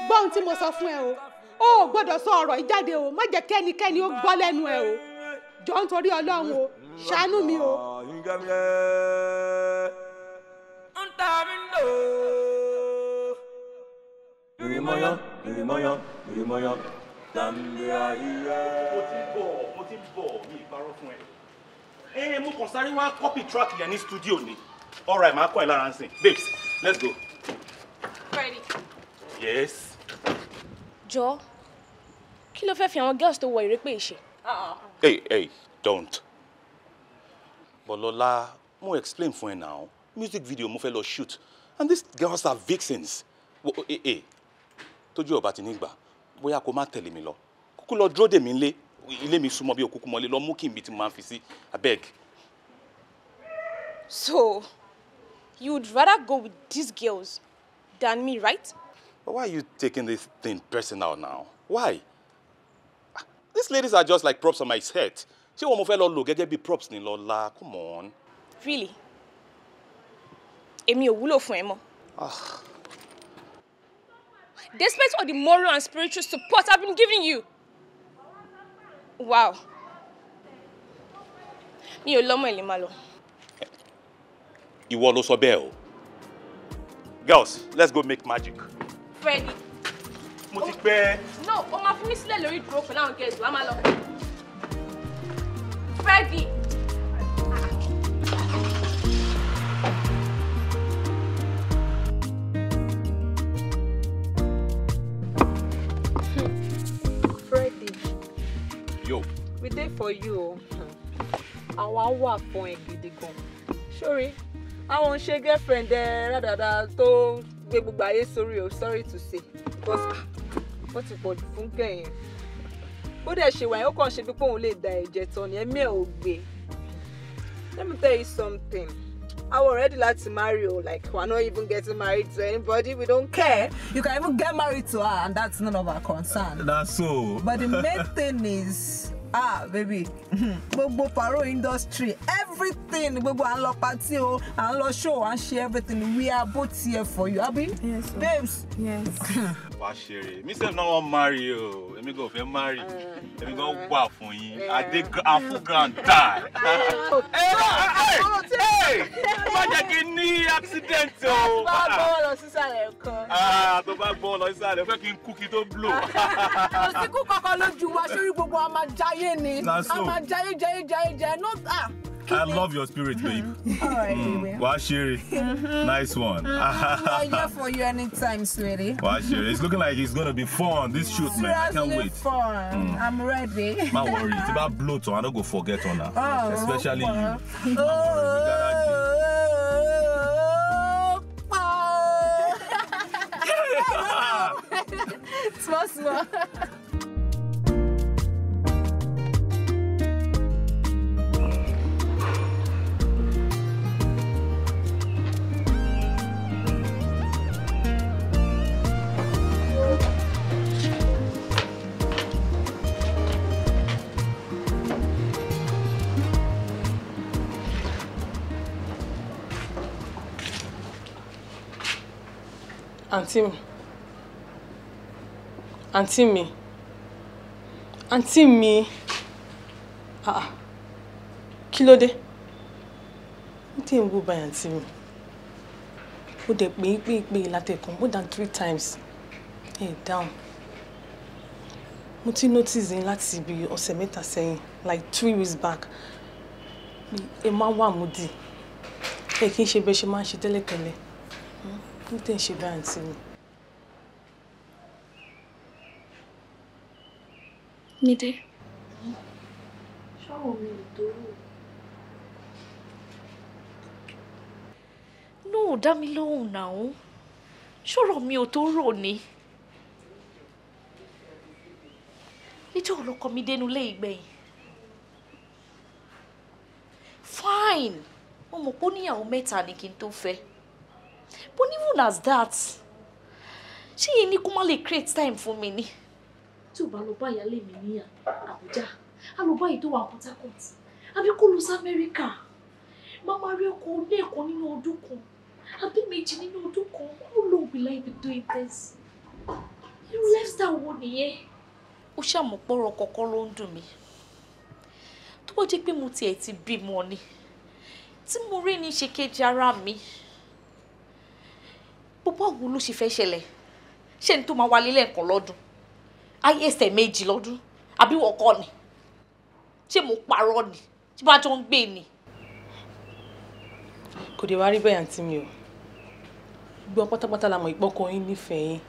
gbọ́ ohun tí mo sọ fún ẹ o o ò gbọ́dọ̀ sọ ọ̀rọ̀ yìí jáde o má jẹ́ kẹ́nikẹ́ni ó gbọ́ lẹ́nu ẹ o jọ ń torí ọlọ́run o ṣàánú mi o. ẹ. ẹ kàn sáré wá kọ́pì track yẹn ní studio ni all right màá kọ́ ẹ lára ń sìn babes let's go. Freddy. yes. jọ kí ló fẹ́ fi àwọn girls tó wọ ìrẹ́pẹ̀ ṣe. hey hey don't bọ́lọ́lá mo explain for you now music video mo fẹ́ lo shoot and these girls are vixens wo eh, eh. tójú ọba ti ní gbà bóyá kó má tẹ̀lé mi lọ kúkú lọ dúró dè mí lé ilé mi sumo bí òkúkú mọ́lé lọ mú kí n bí ti máa fi sí abeg. so you would rather go with these girls than me right. but why are you taking this thing personal now why ah, these ladies are just like props on my head ṣé wọn mo fẹ́ lọ lò gẹ́gẹ́ bí props ni lọ come on. really èmi ò wúlò fún ẹ mọ́. Ah. despite all the moral and spiritual support I've been giving you wow mi ò lọ́mọ ìlú máa lọ. ìwọ ló sọ bẹ́ẹ̀ o girls let's go make magic. Freddy. mo ti pẹ́. no o ma fi mí sílẹ̀ lórí ìdúró pẹ̀lú àwọn girls wa máa lọ fẹ́ Freddy. Yo. We dey for you o. Oh. Àwa wà fún ẹ gidi Sorry, I want ń girlfriend there. Da da gbé gbogbo ayé sórí o, oh, sorry to say. Because what you call jù fún bó dẹ̀ ṣe wà ó kàn ṣe bí òun lè da ẹ̀jẹ̀ tán ni ẹ̀mí ẹ̀ ò gbé let me tell you something I was ready to marry you like we are not even getting married to anybody we don't care you can even get married to her and that's none of our concern that's so but the main thing is ah baby gbogbo paro industry everything gbogbo à ń lọ party o à ń lọ show à ń ṣe everything we are both here for you abi yes, babes yes. wàá ṣeré mi sef náà wọn marry o èmi gan fẹ́ marry mm. èmi gan wà fún yín adé afu grand die. ẹ ẹ ẹ má jẹ́ kí n ní accident o. Ah, tó bá gbọ́ lọ sísàlẹ̀ kan. Ah, tó bá gbọ́ lọ sísàlẹ̀ fẹ́ kí n kú kí tó blow. Ah, kò sí kú kankan lójú wa sórí gbogbo a ni a máa jayé jayé jayé jayé I love your spirit, babe. All right, mm. Washiri. Mm-hmm. nice one. Mm-hmm. I'm here for you anytime, sweetie. Washiri. It's looking like it's going to be fun, this shoot, man. I can't wait. fun. Mm. I'm ready. My worry. It's about blow to, I don't go forget on her. Oh, oh Especially well. Oh. you. Oh. oh small, small. àǹtí mi àǹtí mi àǹtí mi ah, ah kí ló dé n tí ń wú báyìí àǹtí mi ó dẹ̀ pé pé pé látẹ̀kùn more than three times ẹ̀ hey, down mo ti notice yín láti ibi ọ̀sẹ̀ mẹ́ta sẹ́yìn like three weeks back ẹ máa wà moody ẹ kì í ṣe bẹ́ẹ̀ ṣe máa ń ṣe tẹ́lẹ̀tẹ́lẹ̀ ló tẹ̀ ń ṣe bá àǹtí mi. Mide. Ṣọ́wọ́ mi ò dóró. No, dá mi lóhùn náà. Ṣọ́rọ̀ mi ò tó rò ni. Níjọ́ ọlọ́kọ mi dénú lé ìgbẹ̀yìn. Fine, mo mọ̀ pé ó níyàwó mẹ́ta ni kí n tó fẹ́ but even as that she ain't ní kó create time for me. ni. tí ò bá lọ bá ìyáálé mi ní Àbújá a lọ bá èyí tó wà Port Harcourt àbí kó lọ sí Amẹ́ríkà màmá rí how long will I be doing this irú lifestyle wo nìyẹn. ó ṣàmùpọ̀rọ̀ kọ̀ọ̀kan ló ń dùn mí tó bá jẹ́ pé mo tiẹ̀ ti bímọ ni tí mo rí ní ṣe kejì ara mi bọ́bọ́ wo ló ṣe fẹ́ ṣẹlẹ̀ ṣé ní tó máa wálé lẹ́ẹ̀kan lọ́dún ayé ẹsẹ̀ méjì lọ́dún àbí wọ́kọ́ ni ṣé mo parọ́ ni tí bá jọ ń gbé ni. kò dé wá rí bẹ́ẹ̀ àǹtí mi o gbọ́ pátápátá la mọ̀ ìpọ́kọ yín nífẹ̀ẹ́ yín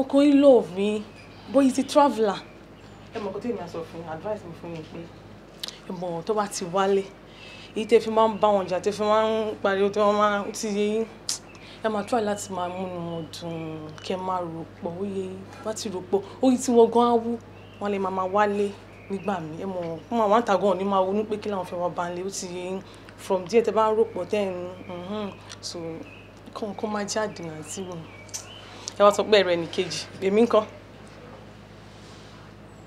ọkọ yín love mi boy is a traveller. ẹ mọ̀ kó tí èmi àsọ fún yín advice mi fún yín pé ẹ mọ̀ tó bá ti wálé èyí tẹ́ fi máa ń bá wọn jà tẹ́ fi máa ń pariwo tẹ́ wọ́n máa ti yẹ yín ẹ máa try láti máa múnú wọn dùn kẹ máa rò pọ̀ oyè bá ti rò pọ̀ oyè tí wọ́n gan awú wọn lè máa máa wálé nígbà mi ẹ mọ̀ wọ́n máa wọ́n àtàgọ́ ní máa wọnú pé kí làwọn fẹ́ wá bá ń lé ó ti yẹ from there tẹ bá ń rò pọ̀ then mhm. so kàn kó má jáde àti wọn ẹ wá sọ pé ẹ̀rọ ẹnìkejì èmi ńkọ́.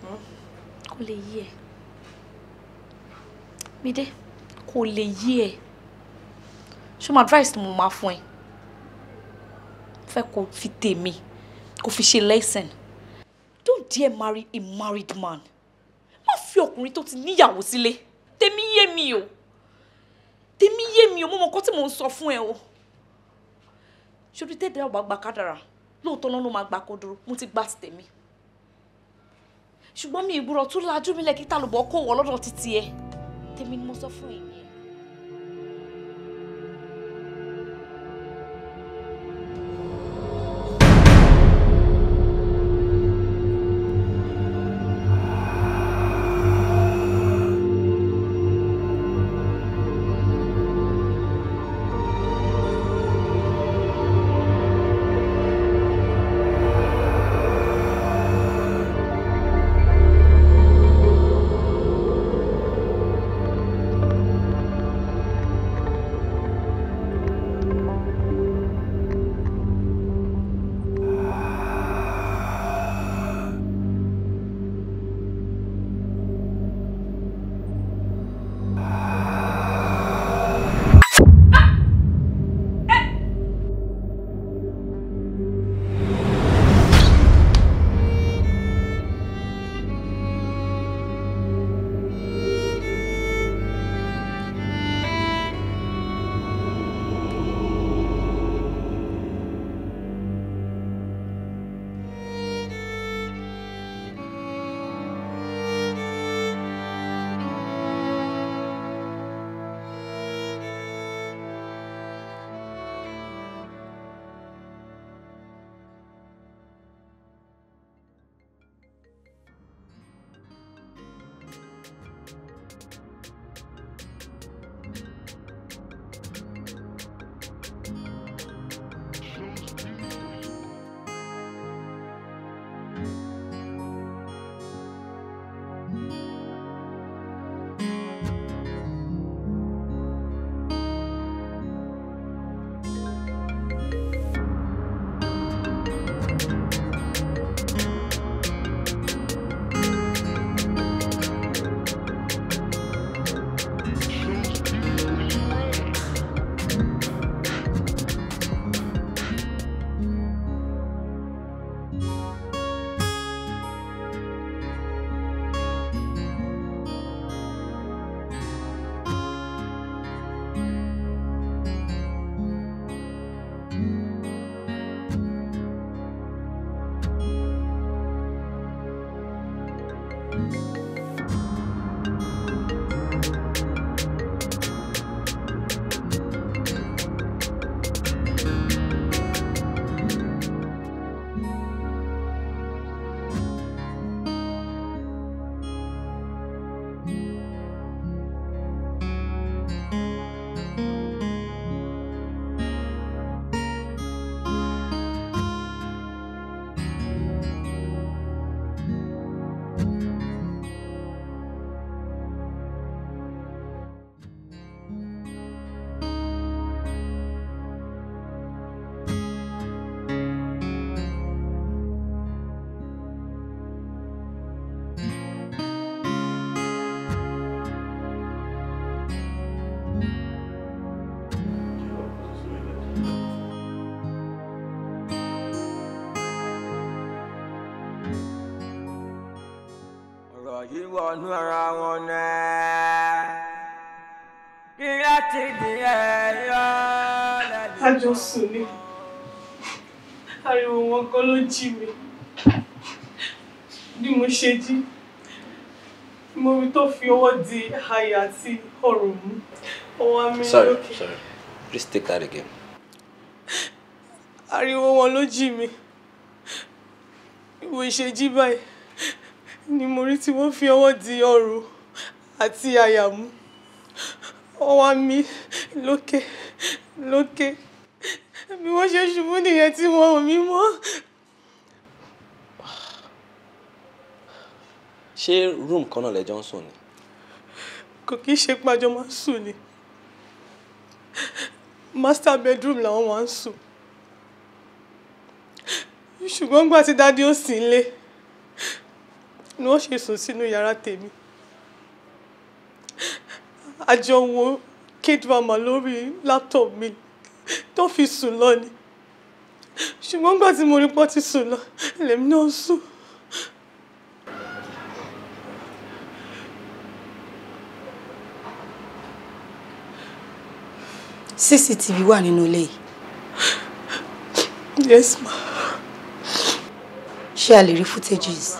Hmm? kò lè yí ẹ Mídé kò lè yí ẹ ṣé mo advice ni mo máa fún ẹ fẹ́ kó fi tèmi kó fi ṣe lesson don't dare marry a married man má fi ọkùnrin tó ti níyàwó sílé tèmi yé mi o tèmi yé mi o mo mọ nǹkan tí mò ń sọ fún ẹ o ṣorí tẹ́tẹ́ ọba gba kádàrà lóòótọ́ náà ló máa gba kó dúró mo ti gbà ti tèmi ṣùgbọ́n mi ìgbúrọ̀ tún lajú mi lẹ́kítà lòbọ̀ kó wọ́ lọ́dọ̀ títí ẹ tèmi ni mo sọ fún ẹ̀yìn ẹ. wọnú ara wọn náà kí láti di ẹ̀yọ́ lẹ́nu. a jọ sùn ni ariwo wọn kọ́ ló jí mi bí mo ṣe jí mo rí tó fi ọwọ́ di àyà àti ọrùn mú ọwọ́ mi lókè. sorry sorry please take that again. ariwo wọn ló jí mi ìwọ ìṣe jí báyìí ni mo rí tí wọ́n fi ọwọ́ di ọrùn àti àyà ọwọ́ mi lókè lókè bí wọ́n ṣe ṣubú nìyẹn tí wọn ò mí mọ́. ṣé rúùmù kan náà lẹ́jọ́ ń sùn ni. kò kí ṣe pàjọ máa ń sùn ni master bedroom làwọn wá ń sùn ṣùgbọ́n gbà tí dádì ó sì ń lé ni wọ́n ṣe sùn sínú yàrá tèmi àjọ wo kidvama lórí laptop mi tó fi sùn lọ ni ṣùgbọ́n nígbà tí mo rí pọ́ ti sùn lọ lèmi náà sùn. CCTV wà nínú ilé yìí. Yes ma. Ṣé a lè rí footages?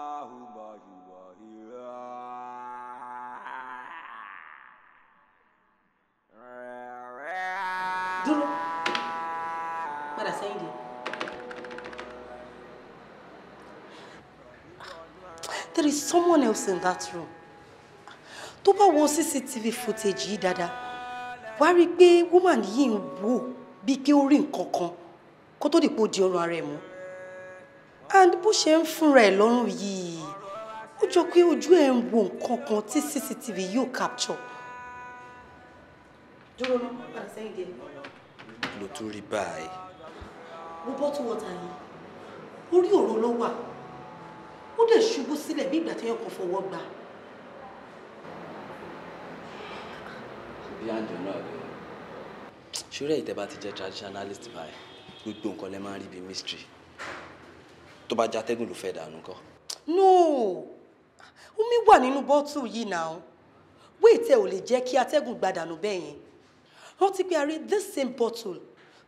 there is someone else in that room tó bá wo cctv footage yìí dáadáa wá rí i woman yìí ń wò bíi kí ó rí nǹkan kan ko tó di pé di ọrùn ara ẹ̀ and bó ṣe ń fúnra ẹ̀ lọ́rùn yìí ó jọ pé ojú ẹ̀ ń wo nǹkan kan tí cctv yo capture. dúró ló padà sẹ́yìn dé. ló tún rí báyìí. mo bọ́ tó wọ́ta yìí orí òró ló ó dẹ̀ ṣubú sílẹ̀ bí ìgbà tí yẹn kò fọwọ́ gbà. bí àjọ náà rẹ ṣúrẹ́ ìtẹ́bá ti jẹ́ traditionalist báyìí gbogbo nǹkan lẹ máa ń rí bíi mystery tó bá játẹ́gùn ló fẹ́ dànù kọ́. no omi wà nínú bọ́tù yìí náà wéètẹ́ ò lè jẹ́ kí atẹ́gùn gba dànù bẹ́ẹ̀ yẹn rántí pé a rí this same bottle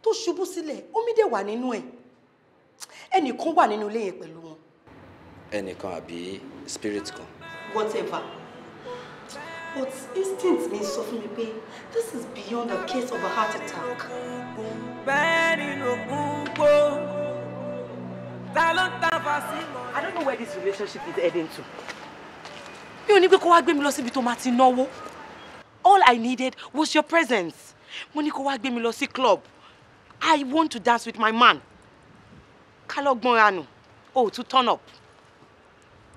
tó ṣubú sílẹ̀ omi dẹ̀ wà nínú ẹ̀ ẹnìkan wà nínú ilé yẹn pẹ̀lú ẹnìkan àbí spirit kan. whatever but instinct mi sọ fún mi pé this is beyond a case of a heart attack. bẹ́ẹ̀ nínú kúńkó ta ló ń ta fásitì. I don't know where this relationship is heading to. Mi ò ní pé kó wá gbé mi lọ síbi tó máa ti náwó. All I needed was your presence. Mo ní kó wá gbé mi lọ sí club. I want to dance with my man. Kálọ́gbọ́n ranù. O ò tún turn up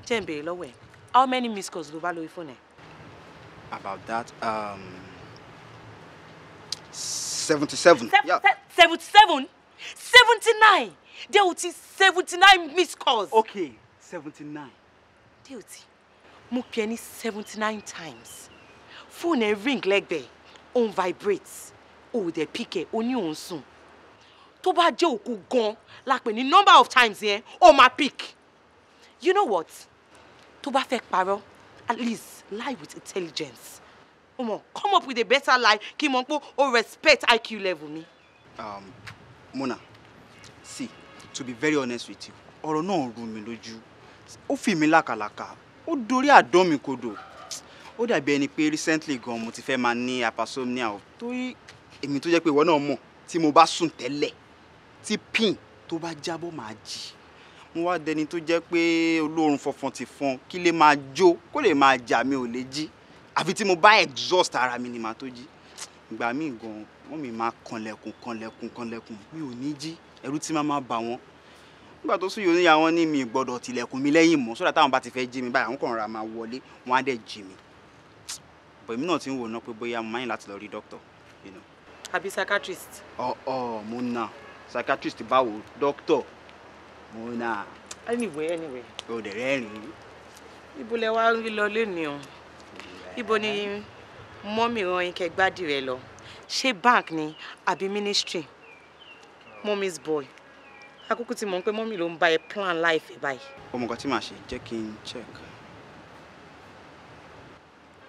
jẹ́ ń how many missed calls ló value lórí fóònù ẹ̀. about that um, seventy seven. seventy seven seventy nine Deoti seventy nine missed calls. okay seventy nine. Deoti mo pè ẹ́ ní seventy nine times Phone ẹ̀ ring lẹ́gbẹ̀ẹ́ òun vibrate òun dẹ̀ pick ẹ̀ ó ní òun sùn tó bá jẹ́ òkú gan-an la pè number of times yẹn ó my pick you know what tó bá fẹ́ parọ́ at least lie with intelligence o come up with a better lie kí n mọ o respect IQ level mi. Um, Mona see to be very honest with you ọ̀rọ̀ náà rú mi lójú ó fi mi lákàlàkà ó dorí àdán mi kodò ó dàbí ẹni pé recently gan mo ti fẹ́ máa ní hypersomnia o torí èmi tó jẹ́ pé ìwọ náà mọ̀ tí mo bá sùn tẹ́lẹ̀ tí pin tó bá jábọ́ máa jì mo wá dẹni tó jẹ́ pé olóorun fọfọn ti fọn kí lè máa jó kó lè máa jà mi ò lè jí àfi tí mo bá exhaust ara mi ni màá tó jí ìgbà míì gan wọn mi máa kanlẹ̀kùn kanlẹ̀kùn kanlẹ̀kùn mi ò ní jí ẹ̀rù tí máa máa bà wọ́n nígbà tó sún yìí oníyà wọn ní mi gbọ́dọ̀ tilẹ̀kùn mi lẹ́yìn mọ́ sódà táwọn bá ti fẹ́ jí mi báyìí àwọn kan ra máa wọlé wọn á dẹ̀ jí mi bọ̀ èmi náà ti ń wò ná pé bóyá mo máa ń láti lọ rí dókítà àbí psychiatrist. ọ̀ ọ̀ mo na psychiatrist báwo dókítà mona. anyway anyway. Oh, dẹ̀ rẹ́rìn-ín. ibo lẹ wá ń lọ lónìí o ibo ni mommy ran yín kẹ́ gbádì rẹ lọ ṣé bank ni abi ministry mommy's boy akókò tí mọ̀ pé mommy lo ń bá ẹ plan life ẹ báyìí. ọmọ nǹkan tí màá ṣe jẹ́ kí n check.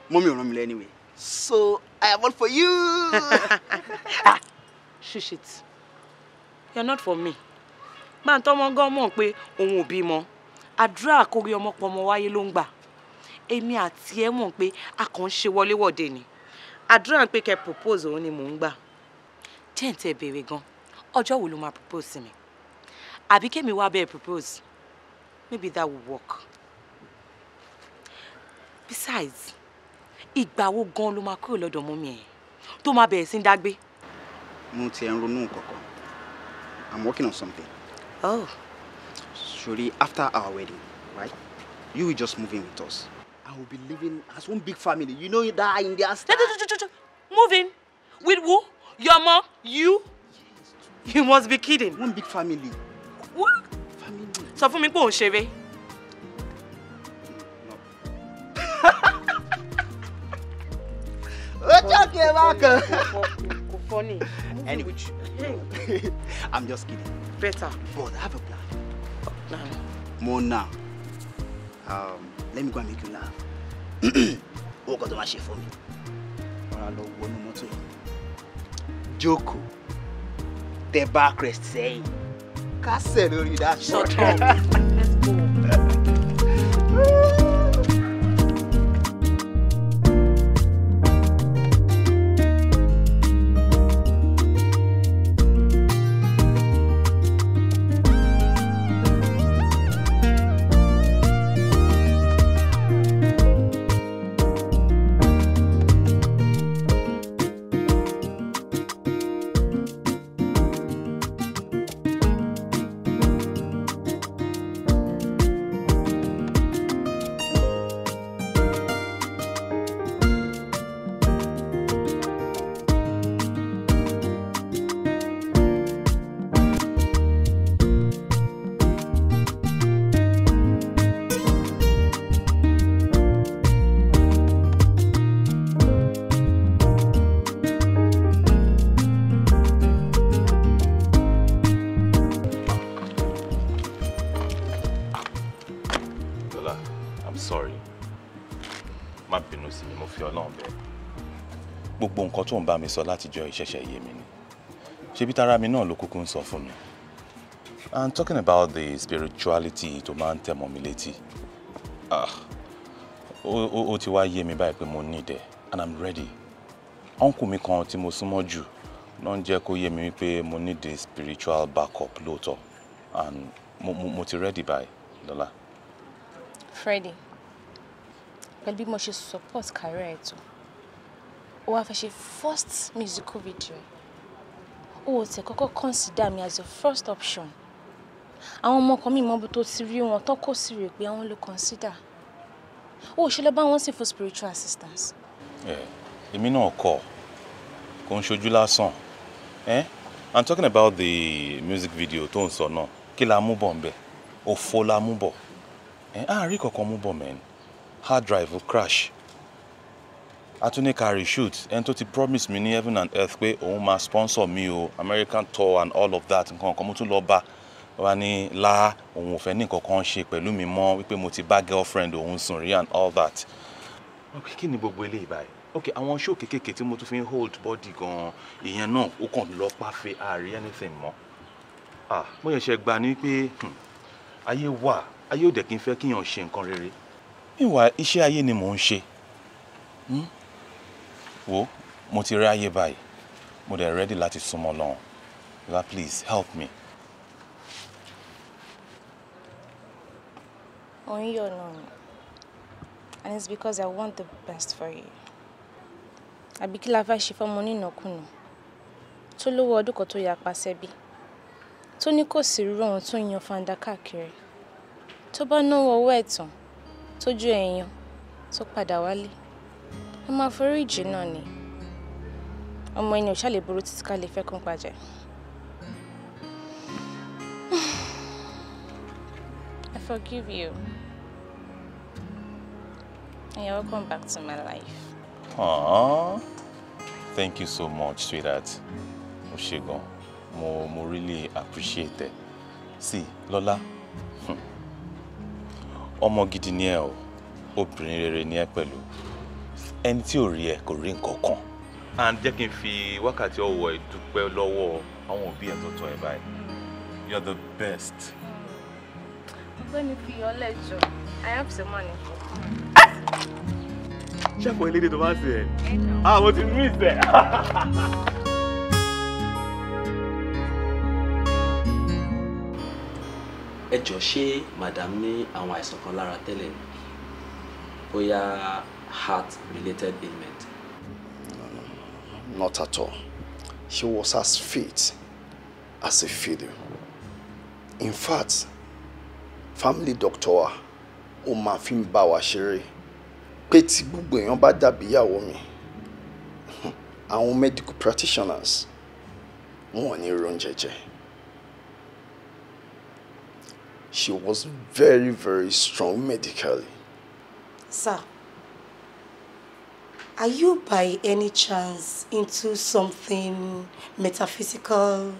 Mommy ò rán mi lọ anyway so I am all for you. ah, shush it you not for me. Gbàǹtọ́ mọ́ gán mọ̀ pé òun ò bímọ àdúrà àkórí ọmọpọmọ wáyé ló ń gbà èmi àti ẹ mọ̀ pé a kàn ń ṣe wọléwọ̀de ni àdúrà pé kẹ́ propose òun ni mò ń gbà jẹ́ǹtẹ̀ béèrè gan ọjọ́ wo ló máa propose sí mi àbí kémi wá bẹ́ẹ̀ propose maybe that will work besides ìgbà wo gan ló máa kúrò lọ́dọ̀ mọ́mí ẹ̀ tó máa bẹ̀rẹ̀ sí ń dágbé. mo ti ẹ̀ ń ronú nǹkan i'm working on something Oh. Surely after our wedding, right? You will just move in with us. I will be living as one big family. You know that Indian style. Move in? With who? Your mom? You? Yes. You must be kidding. One big family. What? Family. So fún mi pé ò ń ṣeré. No. Ó jẹ́ funny. Anyway, hey. I'm just kidding. Better. But I have a plan. Oh, no. Mona, um, let me go and make you laugh. Oh, God, don't máa ṣe fún mi. Ọ̀rá lọ wọnú mọ́tò yìí. Jókòó, tẹ backrest sẹ́yìn. Kásẹ̀ lórí dáṣọ́. Shut up. Let's go. mi sọ látijọ́ ìṣẹ̀ṣẹ̀ yé mi ni ṣebí tara mi náà ló kúkú ń sọ fún mi and talking about the spirituality tó máa ń tẹ̀mọ́ mi létí ah, ó ti wá yé mi báyìí pé mo need ẹ̀ and i'm ready uncle mi kan tí mo súnmọ́ jù náà ń jẹ́ kó yé mi wípé mo need the spiritual backup lóòótọ́ and mo, mo, mo ti ready báyìí lọ́la. Freddy pẹ̀lú bí mo ṣe support career ẹ̀ tó o wá first musical video o ò tẹ̀ consider me as your first option àwọn ọmọ ọkọ mi mọ́bi tó ti rí wọn tán kò sí rè pé àwọn ló consider o ò ṣe lọ bá wọn sì spiritual assistance. ẹ èmi náà kọ kò ń ṣojú lásán ẹ i'm talking about the music video tó ń sọ náà kí la mú bọ̀ nbẹ òfo la mú bọ̀ ẹ àárín kankan mú bọ̀ mẹ́ni hard drive crash atúnika reshoot ẹni tó ti promise mi ní heaven and earth pé òun máa sponsor mi o american tour and all of that nǹkan kan mo tún lọ bá wa ní la òun ò fẹ́ ní nǹkan kan ṣe pẹ̀lú mi mọ́ wípé mo ti bá girlfriend òun sùn rí and all that. ok kí ni gbogbo eléyìí báyìí ok àwọn show kéékèèké tí mo tún fi ń hold body gan-an ìyẹn náà ó kàn lọ pàfẹ́ àárí anything mọ́ ah mo yẹ̀ ṣe gbà ní pé hmm, ayé wà ayé ò dẹ̀ kí n fẹ́ kíyàn ṣe nǹkan rere. meanwhile iṣẹ́ ayé ni mò ń ṣe. Hmm? wo mo ti rí ayé báyìí mo dẹ̀ ready láti súnmọ́ lọ́hùn baba please help me. Only your name. And it's because I want the best for you. Àbí kí la fẹ́ ṣe fọ́mọ onínàkúnà tó lówó ọdún kan tó yapa sẹ́bí tó ní kò sí irú ohun tó yan fanda káàkiri tó bá náwó owó ẹ̀tàn tójú ẹ̀yàn tó padà wálé mo máa foríjì náà ni ọmọ ẹni ò ṣàlè burú títí ká lè fẹ́ kún pàjẹ́ I forgive you and you're welcome back to my life. Aww. Thank you so much, sweetheart. Oshigon, mo mo really appreciate it. See, Lola, hmm, ọmọ gidi ni ẹ o, obìnrin rere ni ẹ pẹ̀lú ẹni tí ò rí ẹ kò rí nǹkan kan. à ń jẹ́ kí n fi wákàtí ọ̀wọ̀ ìdúpẹ́ lọ́wọ́ àwọn òbí ẹ̀ tó tọ́ ẹ báyìí you're the best. ọgbẹ́ni fi ọlẹ́ jọ i have some money. ṣé àpò elédè tó bá ah, ti ẹ̀ àwọn ti mí ìsẹ̀. ẹ jọ ṣé madam ní àwọn àìsàn kan lára tẹ́lẹ̀ bóyá heart-related ailment? No, no, not at all. She was as fit as a fiddle. In fact, family doctor wa ó máa fi ń bá wa ṣeré pé tí medical practitioners wọn ò ní She was very, very strong medically. Sir, Are you by any chance into something metaphysical,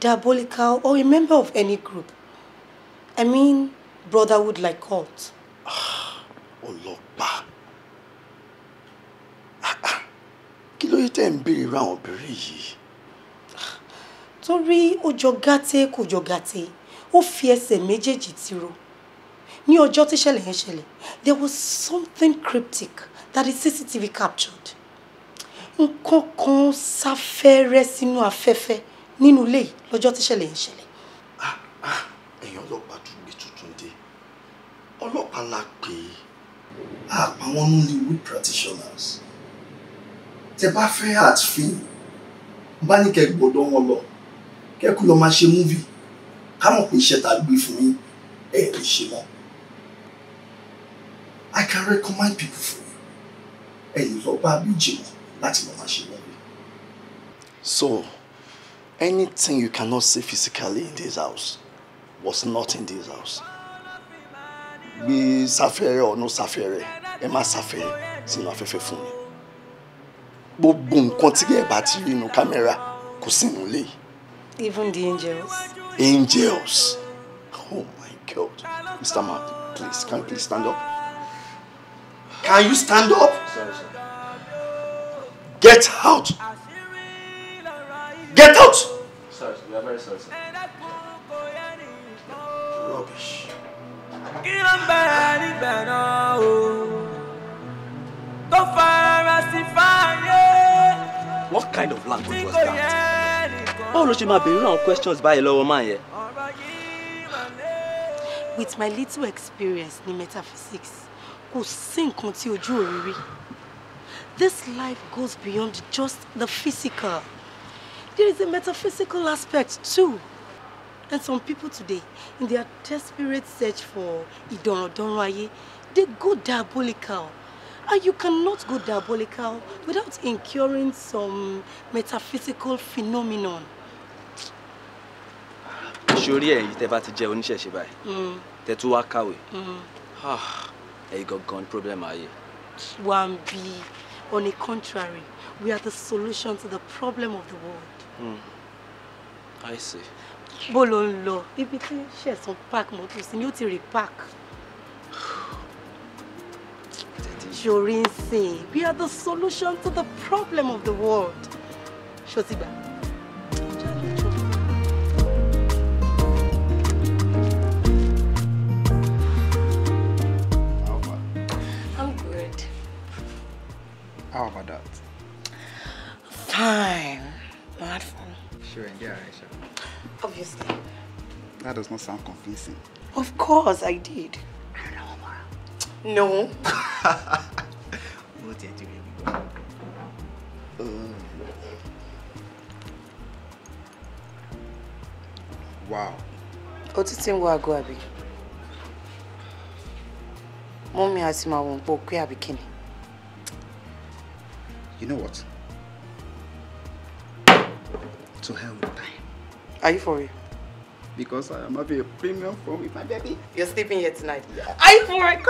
diabolical, or a member of any group? I mean, brotherhood like cult. Oh Kí ló yẹ tẹ́ ń béèrè irú àwọn obìnrin yìí? Torí ó jọ gàtẹ́ kò jọ gàtẹ́, ó fi ẹsẹ̀ méjèèjì tiro. Ní ọjọ́ tíṣẹ̀lẹ̀ yẹn there was something cryptic that the CCTV captured nǹkan kan sáfẹ́rẹ́ sínú afẹ́fẹ́ nínú ilé yìí lọ́jọ́ tíṣẹ̀lẹ̀ ń ṣẹlẹ̀. Ah, ah, ẹ̀yin ọlọ́pàá tún gbé tuntun dé ọlọ́pàá la pè é àpàwọn ní we practitioners tẹ bá fẹ́ art film bá ní kẹ gbọ́dọ̀ wọn lọ kẹ́kọ̀ọ́ lọ́ọ́ máa ṣe múvì káwọn pè iṣẹ́ tá a gbé fún yín ẹ̀ lè ṣe mọ́ I can recommend people for ẹ̀yìn lọ bá méjì láti lọ́ọ́ máa ṣe lọ́wọ́. So, anything you cannot see physically in this house was not in this house. Bí sáfẹ́rẹ́ ọ̀nà sáfẹ́rẹ́ ẹ má sáfẹ́rẹ́ sínú afẹ́fẹ́ fún mi. Gbogbo nǹkan tí ẹ bá ti rí inú kámẹ́rà kò sí inú ilé yìí. Even the angels. Angels. Oh my God. Mr. Mark, please, can you please stand up? Can you stand up? Sorry, sir. Get out. Get out. Sorry, you are very sorry, Rubbish. What kind of language was that? Oh, ló ṣe máa béèrè àwọn questions báyìí lọ́wọ́ máa yẹ? With my little experience in metaphysics kò sí nǹkan tí ojú ò rí rí this life goes beyond just the physical there is a metaphysical aspect too and some people today in their desperate search for ìdọ̀rọ̀dọ̀rọ̀ ayé they go diabolical and you cannot go diabolical without incurring some metaphysical phenomenon. ṣorí ẹ̀yin tẹ́ bá ti jẹ́ oníṣẹ̀ṣe báyìí mm. tẹ́ tún wá kàwé. Mm. Ah ẹ̀yin gangan ni problem ayé. wambi on the contrary we are the solution to the problem of the world. Mm. I see. bó ló ń lọ ibi tí ṣẹ̀sán park mọ́tò sí ni ó ti rí park. Jorin sìn we are the solution to the problem of the world. ṣó ti gbà. How about that? Fine. Not fine. Sure, yeah, Aisha. Obviously. That does not sound convincing. Of course, I did. I No. What did you um, Wow. O ti tin wo ago àbí? Mummy àti ma won po pe àbí kíni? You know what? To hell with time. Are you for real? Because I am having a premium phone with my baby. You're sleeping here tonight. Yeah. Are you for real?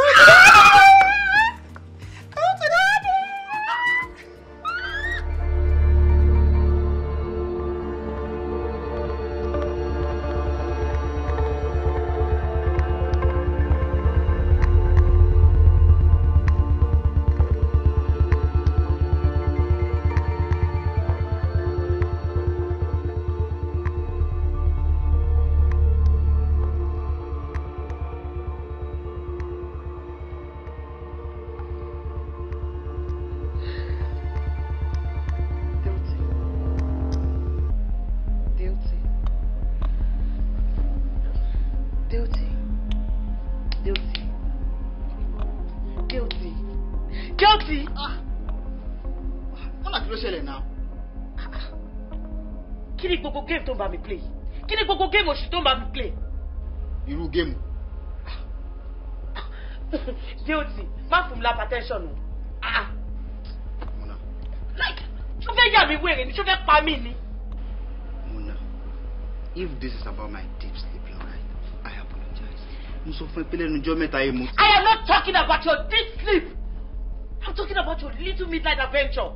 game òṣìṣẹ́ máa fi play. irú géèmù. deoti má fún mi lápá tẹ́sán o. Ah, ah. Muna. like ṣó fẹ́ yà mí wèrè ni ṣó fẹ́ pa mí ni. Muna, if this is about my deep sleeping right I apologize. mo sọ fún ẹ pé lẹ́nu ọjọ́ mẹ́ta I am not talking about your deep sleep I'm talking about your little midnight adventure.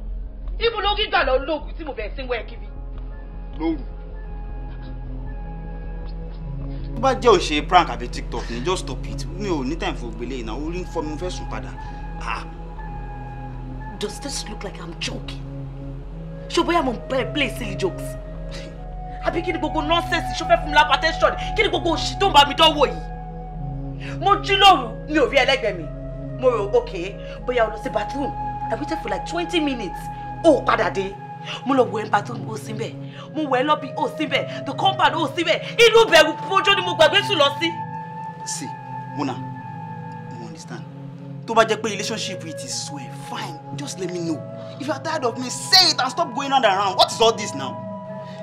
ibo ló gígbà lọ lóògùn tí mo bẹ̀rẹ̀ sí wẹ́ẹ̀ kiri. lóògùn bá jẹ́ ò prank àbí tiktok ni just stop it mi ò ní time for gbélé ìnáwó orí ń fọ́ mi fẹ́ sùn padà. does this look like i'm joking? ṣé bóyá mo bẹ̀rẹ̀ play silly jokes? àbí kí ni gbogbo nonsense ṣó fẹ́ fún mi lápá attention kí ni gbogbo òṣì tó ń bá mi dánwò yìí? mo jí lóru mi ò rí ẹlẹ́gbẹ̀ẹ́ mi mo rò okay bóyá o lọ sí bathroom i waited for like twenty minutes Oh, padà dé mo lọ wọ ẹ bathroom ó síbẹ̀ mo wọ ẹ lọ́bì ó síbẹ̀ the compound ó síbẹ̀ inú bẹ̀rù bójú ni mo gbàgbé sùn lọ sí. see Muna you understand tó bá jẹ́ pé relationship it is so fine just let me know if you are tired of me say it and stop going round and round what is all this now.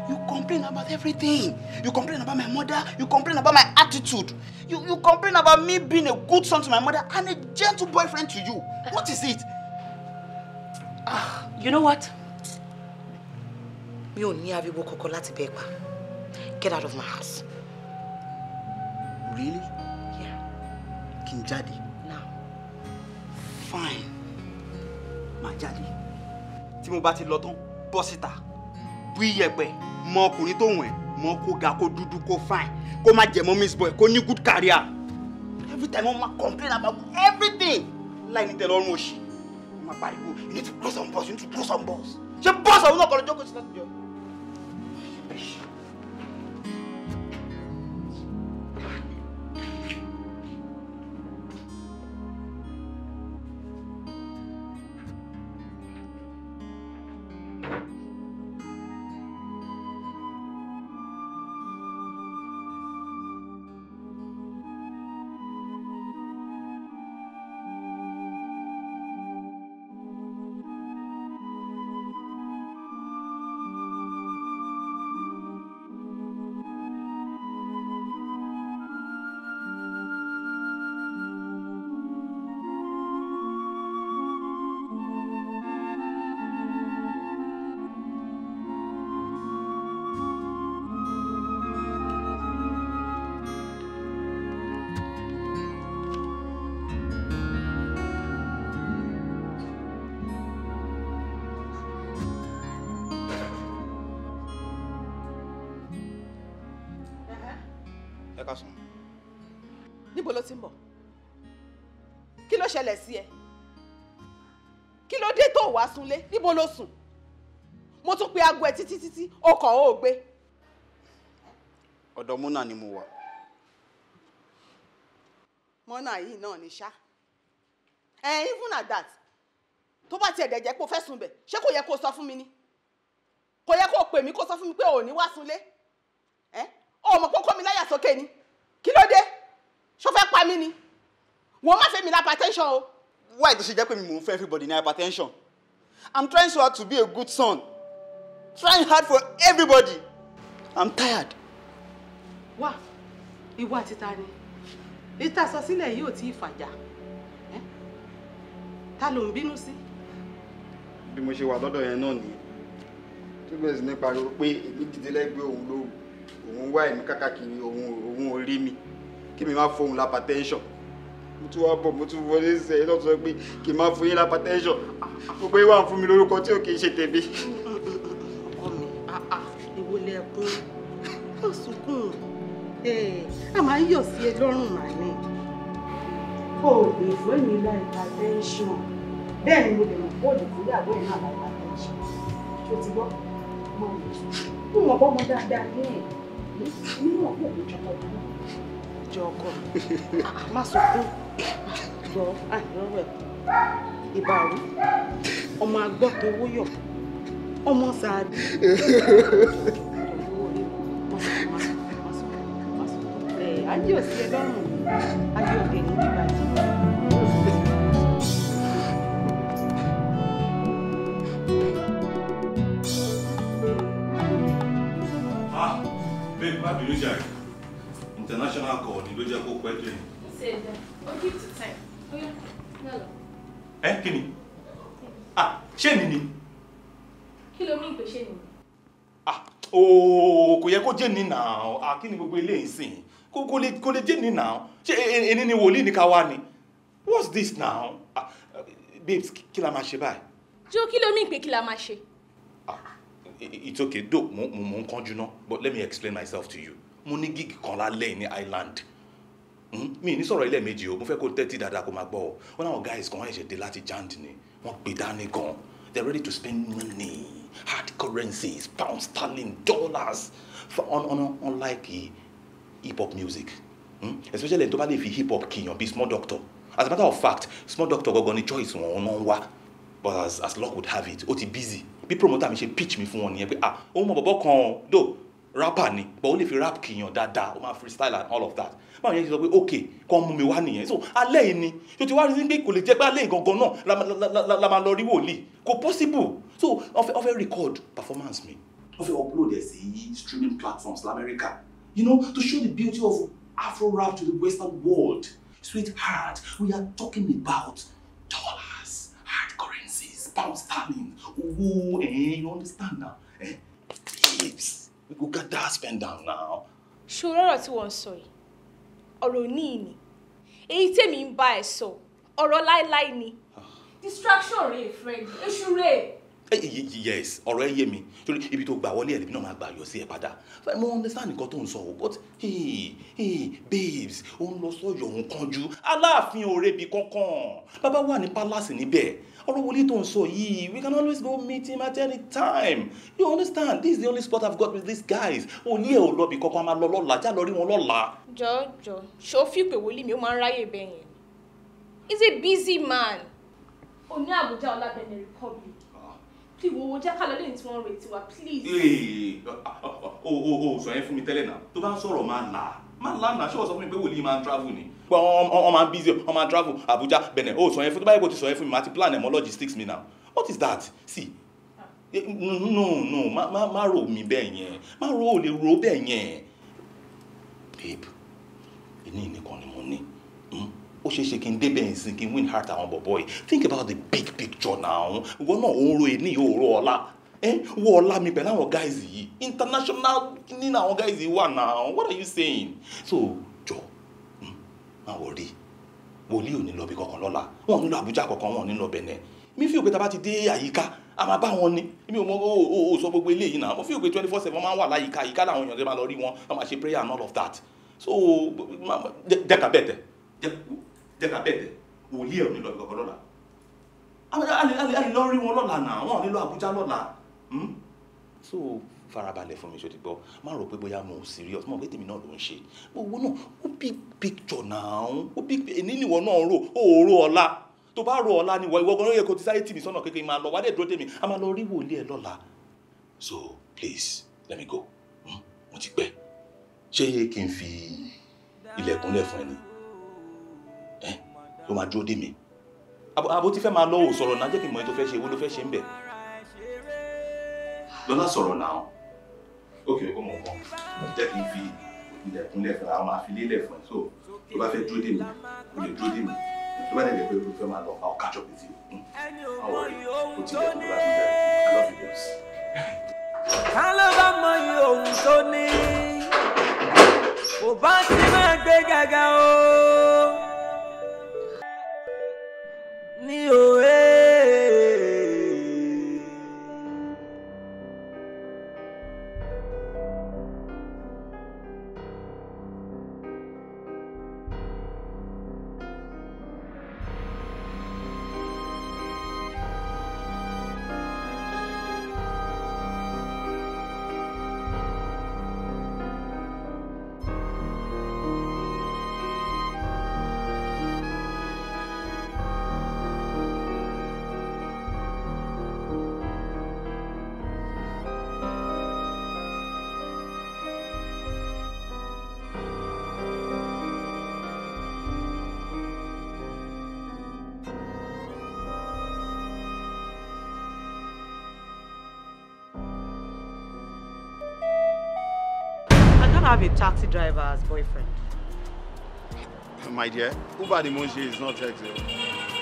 You complain about everything. You complain about my mother. You complain about my attitude. You, you complain about me being a good son to my mother and a gentle boyfriend to you. What is it? Ah. You know what? mi ò ní ariwo kankan láti bẹ́ẹ̀ pa get out of my house. really? yeah. kí n now. fine. màá jáde. tí mo bá ti lọ tán bọ́ síta bú iyẹ̀pẹ̀ mọ ọkùnrin tó wọ̀n ẹ́ mọ kó ga kó dúdú kó fine kó má jẹ mọ́ miss boy kó ní good career every time wọ́n máa complain about everything láì ní tẹ̀lé ọrùn òṣì wọ́n máa pariwo you need to grow some balls you need to grow some balls ṣé bọ́ọ̀sì àwọn náà kọ́ lọ jókòó sí Bishop. ṣẹlẹ̀ sí ẹ kí ló dé tó wá sunlé níbo ló sùn mo tún pe aago ẹ títí títí ó kàn ó gbé. ọ̀dọ̀ múnà ni mo wà. mọ́nà yìí náà ni ṣá even at that tó bá tiẹ̀ dẹ̀jẹ̀ pé o fẹ́ sùn bẹ̀ ṣé kò yẹ kó o sọ fún mi ni kò yẹ kó o pè mí kó o sọ fún mi pé o ò ní wá sunlé ẹ̀ o mọ̀ pé kó mi láyà sókè ni kí ló dé ṣó fẹ́ pa mí ni wọ́n má fẹ́ mi ní hypertension o. why tó ṣe jẹ́ pé mi mò ń fẹ́ everybody ní hypertension i'm trying so hard to be a good son trying hard for everybody i'm tired. wá ìwọ àti ta ni níta sọ sílẹ̀ yìí ò tí ì fàjà ta ló ń bínú sí. bí mo ṣe wà lọ́dọ̀ yẹn náà nìyẹn tó bẹ̀rẹ̀ sí ní pariwo pé èmi dìde lẹ́gbẹ̀ẹ́ òun ló òun wá èmi kákàkiri òun òun ò rí mi kí mi má fóun lápá tẹ́ńsọ̀n mo tún wá bọ̀ mo tún wọlé ṣe é lọ́sọ̀ pé kì í máa fún yín lápá tẹ́ńṣọ̀n gbogbo ah, yín wà fún mi lórúkọ tí ò kì í ṣe tèmi. ọkọ mi ìwo ah, ah, lẹkùn yóò sunkún a máa ń yọ̀ sí ẹ lọ́rùn màá ní. o ò lè fún èmi láìpa tẹ́ńṣọ̀n bẹ́ẹ̀ ni mo lè mọ̀ kó lè fún ìyàwó ẹ̀ náà láìpa tẹ́ńṣọ̀n tó ti gbọ́ mọ̀ mi mo mọ̀ bọ́ mo dáadáa ní ẹ̀ mi mọ̀ kó kò jọkọ̀ jọkọ̀ má sunkún gbọ́ àìrọ́rọ̀ ẹ̀kọ́ ìbàrú ọmọ agbọ́tọ̀ owó yọ̀ ọmọ sàádì. Eh, ayé òsì ẹ lọ́rùn ayé òde ní ah babe má bínú jàre international call ni ló jẹ́ kó pẹ́ tó yìí ẹ kí ni ah ṣé ni ni. kí ló mú ìpè ṣé ni. ah ooo kò yẹ kó jẹ́ ni náà ah kí ni gbogbo eléyìí sìn kò lè kò lè jẹ́ ni náà ṣé ẹni e, e, ni wòlíì ni ká wá ni what's this now ah babes kí la máa ṣe báyìí. jo kí ló mú ìpè kí la máa ṣe. ah it's okay do mo mo mo ń kánjú ná but let me explain myself to you mo ní gig kan lálẹ́ ní island Hmm? mi ní sọ̀rọ̀ ilé méjì o mo fẹ́ kó tẹ́tí dáadáa kó máa gbọ́ o wọn náà guys kan ẹ̀ṣẹ̀ dé láti jand ni wọ́n gbé dání gan they ready to spend money hard currencies pounds sterling dollars for on on unlike eh, hip hop music hmm? especially tó bá lè fi hip hop kiyan bí small doctor as a matter of fact small doctor gangan ni choice wọn ọ̀nà ń wá but as as luck would have it ó ti busy bí promoter mi ṣe pitch mi fún wọn nìyẹn pé ah òun mọ bọ̀bọ̀ kan o do rapper ni but ó lè fi rap kiyan dáadáa ó máa freestyle and all of that báwọn yẹn ti sọ pé ok kọ́ mú mi wá nìyẹn so alẹ́ yìí ni tó ti wá rí pé kò lè jẹ́ pé alẹ́ yìí gangan náà la máa lọ rí wòlíì kò possible so wọ́n fẹ́ record performance mi. wọ́n fẹ́ upload ẹ̀ sí streaming platforms lamẹ́ríkà you know to show the beauty of afro rap to the western world sweetheart we are talking about dollars hard currencies pound sterling owó eh, you understand now babes eh, we go gather spend am now. ṣòro ọ̀rọ̀ tí wọ́n sọ yìí ọ̀rọ̀ ní ìní èyí tèmi ń bá ẹ sọ ọ̀rọ̀ láéláé ni distraction rèé friend èṣù rèé eh, eh, eh, yes ọ̀rọ̀ ẹ yé mi torí ibi tó gbà wọlé ẹ̀ lèmi náà máa gbà yọ sí ẹ padà mo understand nǹkan tó ń sọ o but hey, hey, babes ó ń lọ sọ́yọ̀ òun kanjú aláàfin òrebi kankan bàbá wà ní palace níbẹ̀ ọ̀rọ̀ wòlíì tó ń we can always go meet him at any time you understand this is the only spot i've got with these guys òní ẹ̀ ò lọ́bì kankan a máa lọ lọ́la já lọ rí wọn lọ́la. jọjọ ṣó fi pé wòlíì mi ó máa ń ráyè bẹyẹn he's a busy man. òní àbújá ọlá benin republic please ah. wo ká lọ lẹ́yìn tí wọ́n ń retí wa please. ee o o o sọ yẹn fún mi tẹ́lẹ̀ náà tó bá ń sọ̀rọ̀ máa là á Man land na wọ́n sọ fún mi pé wòlíì man travel ni pé wọ́n máa ń busy wọ́n man travel Abuja Benin ó oh, so yẹn fún tó báyìí kò ti sọ yẹn fún mi màá ti plan ẹ̀mọ́ logistics mi now what is that see eh, no no Ma ma rò mí bẹ́ẹ̀ yẹn má rò ò lè rò bẹ́ẹ̀ yẹn babe ẹni nìkan ni mo ní hmm? ó ṣeé ṣe kí n débẹ̀ ǹsìn kí n win heart àwọn bọ̀bọ̀ yìí think about the big picture now ìwọ náà òórò ẹni òórò ọ̀la Eh, wọ ọlá mi pẹ̀lú àwọn guys yìí international nínú àwọn guys yìí wà náà what are you saying so jọ máa wọ rí wòlíì ò ní lọ bí kankan lọ́la wọn ò ní lọ Àbújá kankan wọn ò ní lọ Benin mi fi òpè tá a bá ti dé àyíká a bá wọn ni mi ò mọ o o sọ gbogbo eléyìí náà mo fi òpè twenty four seven máa ń wà láyìíká àyíká làwọn èèyàn ti máa lọ rí wọn a máa ṣe prayer and all of that so jẹ ká bẹ̀tẹ̀ jẹ ká bẹ̀tẹ̀ wòlíì ò ní lọ bí kankan lọ́la a lè lọ rí wọn lọ́la náà wọn ò ní lọ Àbújá lọ́la. Hmm? so farabalẹ̀ fún mi ṣe ti gbọ́ má rò pé bóyá mo serious mọ̀ pé tèmi náà ló ń ṣe owó náà ó big picture náà ó big èní nìwọ náà rò ó rò ọ̀la tó bá rò ọ̀la ni ìwọ gan-an yẹ kó ti sáré tì mí sọ́nà kékeré máa lọ wá dé dúró tèmi a máa lọ rí wòlíì ẹ lọ́la so please let me go hmm? mo ti pẹ́ ṣé kí n fi ilẹ̀kùnlẹ̀ fún ẹ ni ẹ ló máa dúró dè mí àbó ti fẹ́ máa lọ òsọ̀rọ̀ náà jẹ́ kí n mọ̀ ẹ́ tó fẹ́ ṣe èwo ló fẹ́ ṣe ń bẹ̀ lọ́lá sọ̀rọ̀ náà òkè òkò mọ̀ kan jẹ́ kí n fi ilẹ̀kùnlẹ̀ fún àwọn àfilélẹ̀ fún ẹ̀ so tó bá fẹ́ dúró dè mí o lè dúró dè mí tó bá dẹ̀ lè pé o fẹ́ máa lọ àwọn kájọ pété àwọn ọ̀rẹ́ o ti lẹ̀ kó bá ti bẹ̀rẹ̀ I love you girls. ká ló bá mọ iye ohun tó ní kò bá ti máa gbé gàgà o ní òwe. a taxi driver boyfriend. My dear, Uber ni mo is not taxi. Eh?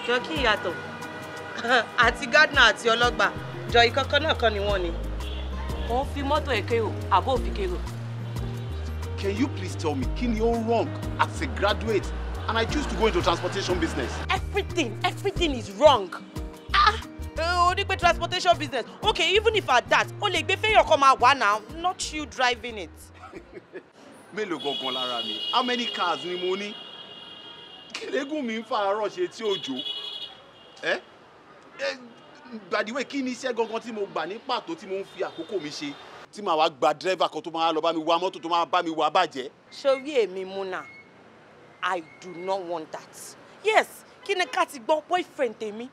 Jọ yato, ati gardner gardener àti ọlọ́gbà jọ ìkọ̀kọ̀ náà wani. ni wọ́n ni. abo fi Can you please tell me kí ni wrong as a graduate and I choose to go into transportation business? Everything, everything is wrong. Ah! Eh, only ní pé transportation business okay even if at that only lè you come kan one wà now not you driving it mélòó gangan lára mi how many cars ni mo ní kìlégùn mi ń fa àárọ̀ ṣe tí ó jò ẹ́ kí ni iṣẹ́ gangan tí mo gbà ní pàtó tí mo ń fi àkókò mi ṣe tí màá wá gba dírẹ́fà kan tó máa lọ bá mi wa mọ́tò tó máa bá mi wà bàjẹ́. sórí èmi múna i do not want that yes kí ni ká ti gbọ́ boyfriend tèmi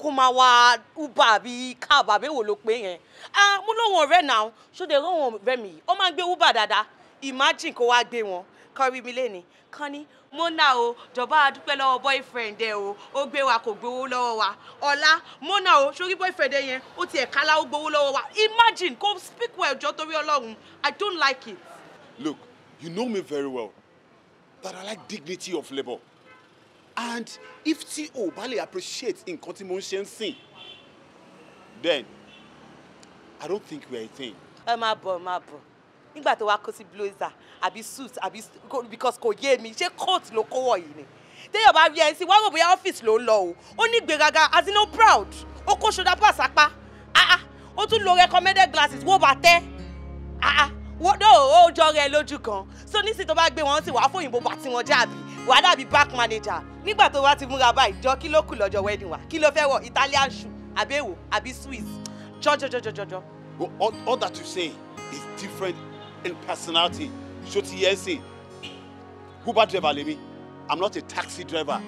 kó máa wá uber àbí cab àbí èwo ló pé yẹn ah mo lóun ọ̀rẹ́ náà ṣó de rán òun ọ̀rẹ́ mi ó máa ń gbé uber dáadáa imagine kó wá gbé wọn kọ́ rí mi lénìí kán ní mona o jọba àdúpẹ́ lọ́wọ́ boyfriend ẹ o ó gbé wa kò gbowó lọ́wọ́ wa ọ̀la mona o sórí boyfriend ẹ yẹn ó tiẹ̀ kálá ó gbowó lọ́wọ́ wa imagine kó speak well jọ torí ọlọ́run i don't like it. look you know me very well that i like dignity of labour and if tí o bá lè appreciate nǹkan tí mo ń ṣe ń sìn then i don't think we are a thing. ẹ máa bọ̀ ẹ máa bọ̀ nígbà tó wá kó sí blazer àbí suit àbí because kò yé mi ṣé coat ló kó wọ̀ yìí ni téèyàn bá rí ẹ sí wàá wò bóyá ọ́fíìsì ló ń lọ o ó ní gbéraga as in no proud ó kó ṣọdá bá sápá ah, ah, ó tún lo recommended glasses wó bàtẹ́ ah, wọ́dọ̀ ó jọ rẹ lójú kan so nísìnyí tó bá gbé wọn sí wàá fòyìnbó bá tiwọn jáàbí wàá dàbí back manager nígbà tó wá ti múra báyìí jọ kí ló kù lọ́jọ́ wedding wa kí ló fẹ́ wọ Italian shoe àbí èwo àbí Swiss jọjọjọjọjọ. all that you say is different in personality ṣó ti yẹn sìn uber driver lèmi i'm not a taxi driver.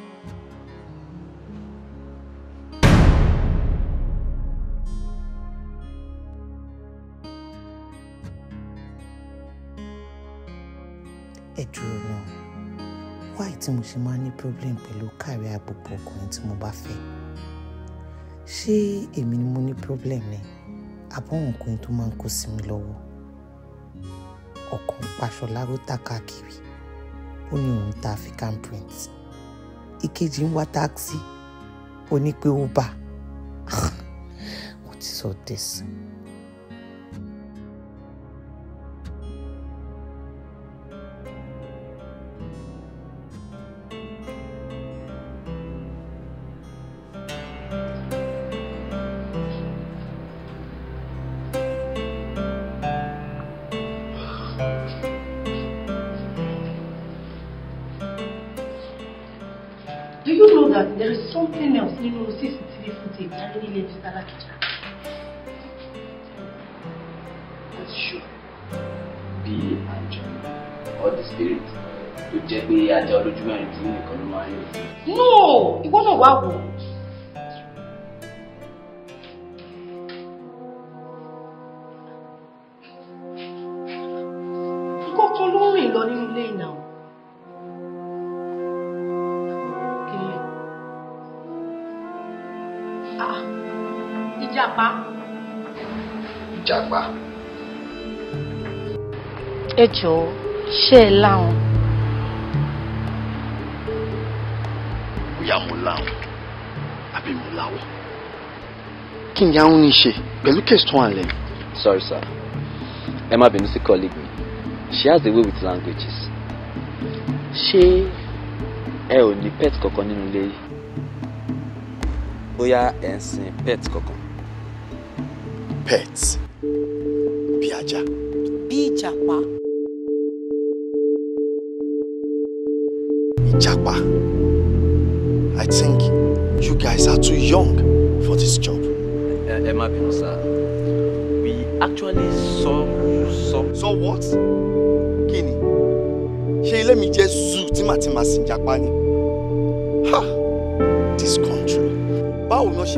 ẹ dúró náà wáyé mo ṣe máa ní problem pẹ̀lú kárí àgbègbè ọkùnrin tí mo bá fẹ́ ṣé èmi ni mo ní problem ni àbọ̀wọ̀n ọkùnrin tó máa ń kó sí mi lọ́wọ́ ọkàn Pàṣọlá ó tà káàkiri ó ní òun ta African print ìkejì ń wá táàkì ó ní pé ó bà what is all this. village Alakija. Kò ti ṣù. Bí àjọ or the spirit tó jẹ́ pé ajá olójú mẹ́rin dúró nìkan ló máa yọ. No! Ìwọ náà wá wò ó. ẹ jọ̀ọ́ ṣé ẹ láwọn. bóyá mo láwọn àbí mo láwọn. kí ni àwọn ní í ṣe pẹ̀lú àlẹ́. sorry sir ẹ má bínú sí colleague mi she has a way with languages ṣé ẹ ò ní pet kankan nínú ilé yìí bóyá ẹ ń sin pet kankan. pet bí ajá. bí ìjàpá. Japa, I think you guys are too young for this job. Emma, má bínú sir, we actually saw you saw. Saw what? Kini, she let me just jẹ́ zoo tí màá ti máa Ha! This country. Báwo ni wọ́n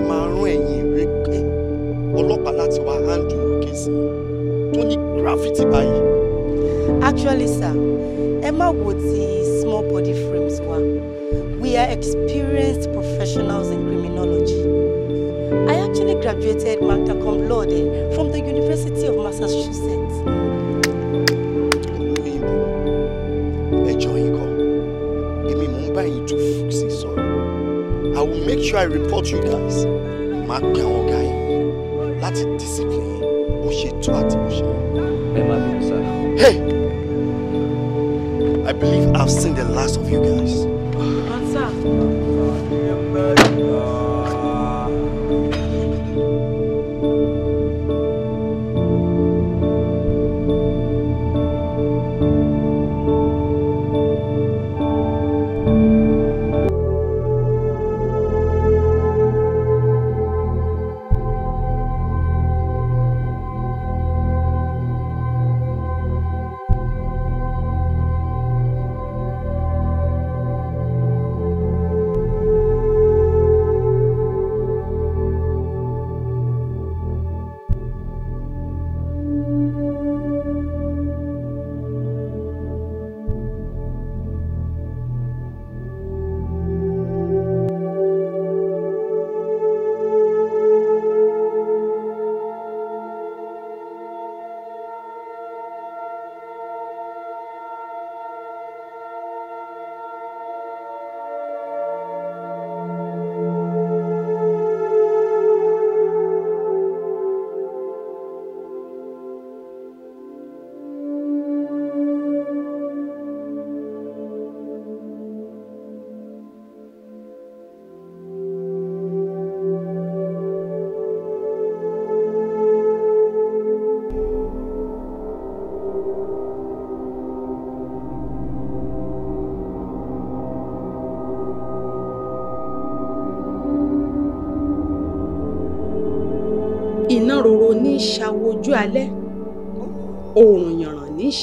ṣe máa handle case tó ní graffiti Actually sir má wo ti small body frames wa we are experienced professionals in criminology I actually graduated magna cum laude from the University of Massachusetts. olóyìnbó ẹjọ́ yìí I will make sure I report you guys máa pe àwọn ọ̀gá discipline yín bó ṣe tó àti bó ṣe yẹ. last of you guys.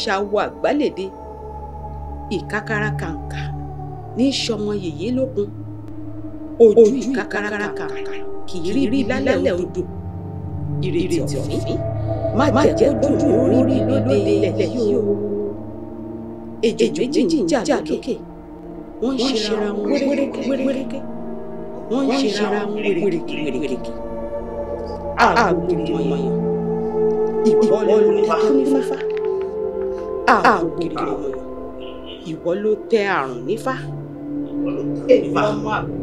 ṣàwọ àgbálèdè ìkákàrà kàǹkà ní ìṣọmọ yèyé lókun ojú ìkákàrà kàǹkà kì í rí rí lálẹ́ odò ìrètí ọ̀fìn má jẹ́ ojú orí rí lóde ilẹ̀ yìí o èjò méjì ń jà lókè wọ́n ń ṣera wọn wérékéwéréké wọ́n ń ṣera wọn wérékéwéréké àgùntàn yìí ìbọn ló ń takú nífàfà àwò gírígírí ìwọ ló tẹ àrùn nífà. ọmọ àgbò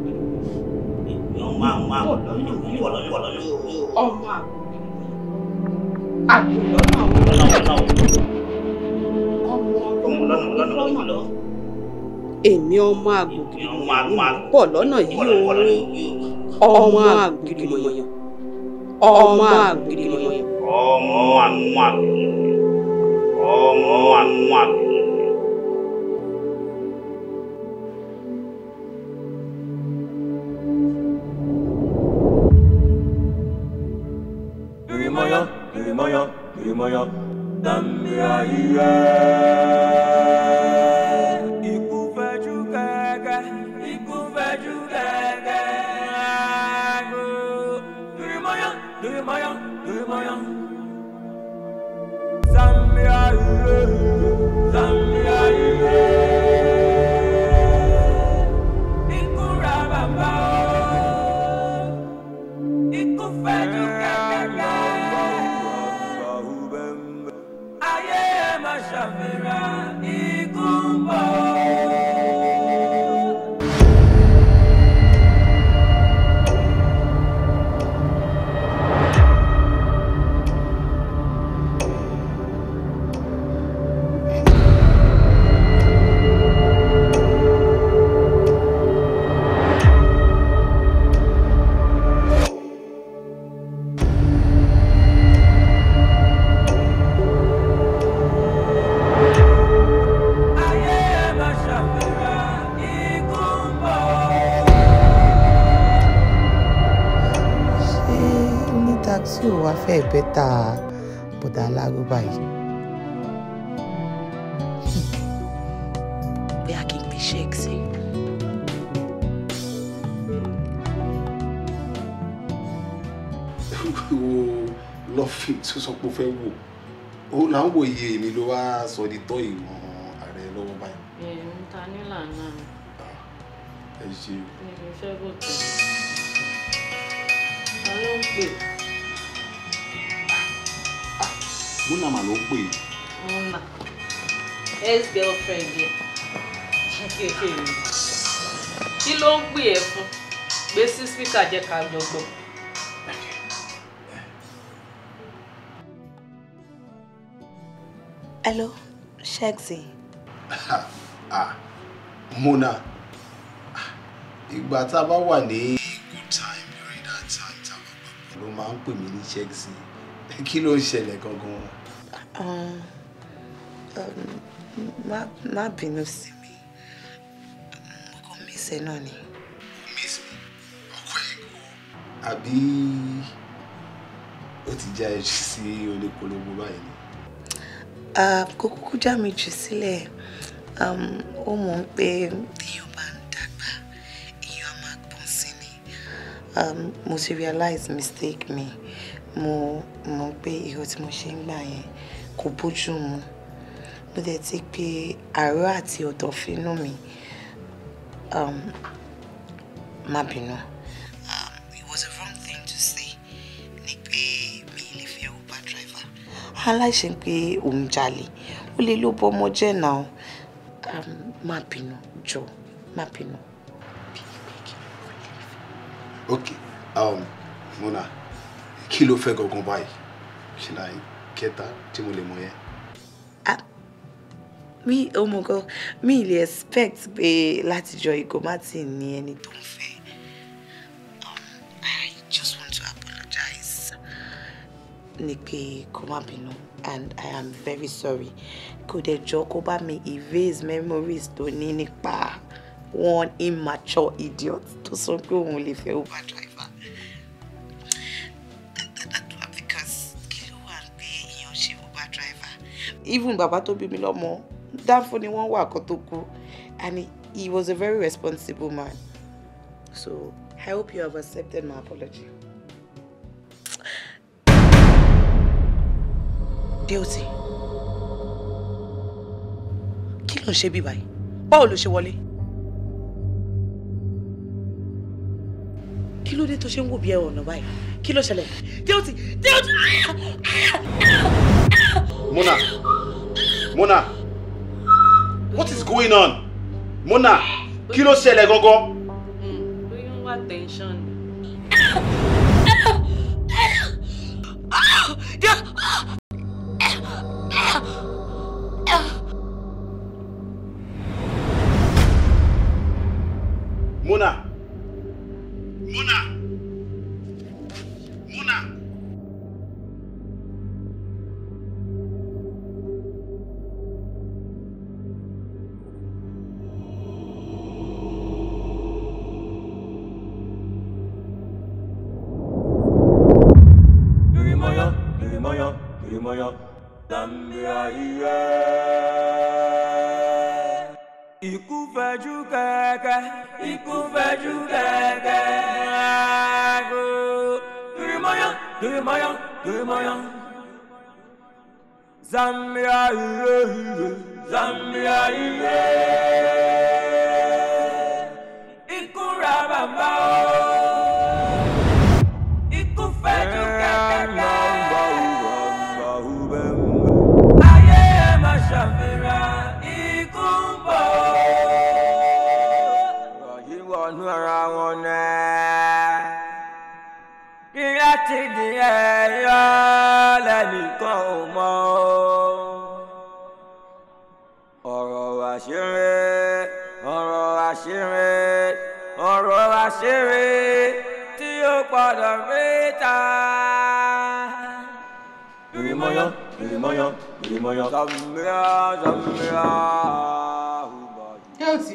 èmi ọmọ àgbògìrìmọ̀yàn pọ̀ lọ́nà yìí o ọmọ àgbògìrìmọ̀yàn ọmọ àgbògìrìmọ̀yàn. ọmọ àgbògìrìmọ̀yàn. ngoặt ngoặt Grimaya, Grimaya, Grimaya, Dambiya fẹ́ bẹ́tà bọ̀dà alárúbá yìí. bí a kì í fi ṣe ẹ̀sìn. wo lọ́fíìn tó sọ pé ó fẹ́ wò ó là ń wòye èmi ló wá sọ di tọ́ ìwọ̀n ààrẹ lọ́wọ́ báyìí. ẹ̀ ń ta nílà náà. ẹ ṣe. mi ò fẹ́ bọ̀ tẹ̀. ta ló ń múnà mà ló ń pè é. ex-girlfriend yẹ kékeré kí ló ń pè ẹ fún gbé sí spíkà jẹ́ ká hello ṣẹ́ẹ̀tì. ah Mona, ìgbà tá a bá wà good time during that time tá a bá gbà. ló máa ń pè mí kí ló ń ṣẹlẹ̀ gangan. Um, um, má bínú sí mi ọkọ mi ṣe náà ni. miss me ọkọ ẹ kú. àbí ó ti já ẹ jù sí onípolówó báyìí ni. kò kúkú já mi jù sílẹ̀ um, ó mọ̀ ń pé èèyàn bá ń dàgbà èèyàn á máa pọ̀ sí ni mo ti realize mistake mi. Me mo mọ̀ pé ìró tí mo ṣe ń gbà yẹn kò bójú mu mo dẹ̀ ti pe àárọ̀ àti ọ̀dọ̀fínú mi um, má bínú. Um, it was a wrong thing to say ni pé mi ì uber driver. aláìṣe pé òun jalè ó lè ló bọ́ ọmọ jẹ́ náà um, má bínú jọ má bínú. okay um, Mona kí ló fẹ́ gangan báyìí should I get that tí mo lè mọ yẹn. mi ò mọ̀ gan mi ì lè expect pé látijọ́ ìgò má ti ní ẹni tó ń fẹ́. I just want to apologize ní pé kó má and I am very sorry Could a joke about me erase memories tó ní nípa one immature idiot tó sọ pé òun lè overdrive. even bàbá tó bí mi lọ́mọ dáńfó ni wọ́n wà kó tó kú and he, was a very responsible man so I hope you have accepted my apology. Deoti kí ló ń ṣe bí báyìí báwo ló ṣe wọlé. kí ló dé tó ṣe ń wò bí ẹ ọ̀nà báyìí kí ló ṣẹlẹ̀ Deoti Deoti. Mona! Mona! What is going on? Mona! Kilo sele gogo. gangan? Bóyá wá tẹ̀sán Mona! mọyán. sàmìlà sàmìlà ọ̀bàdì. yóò ti.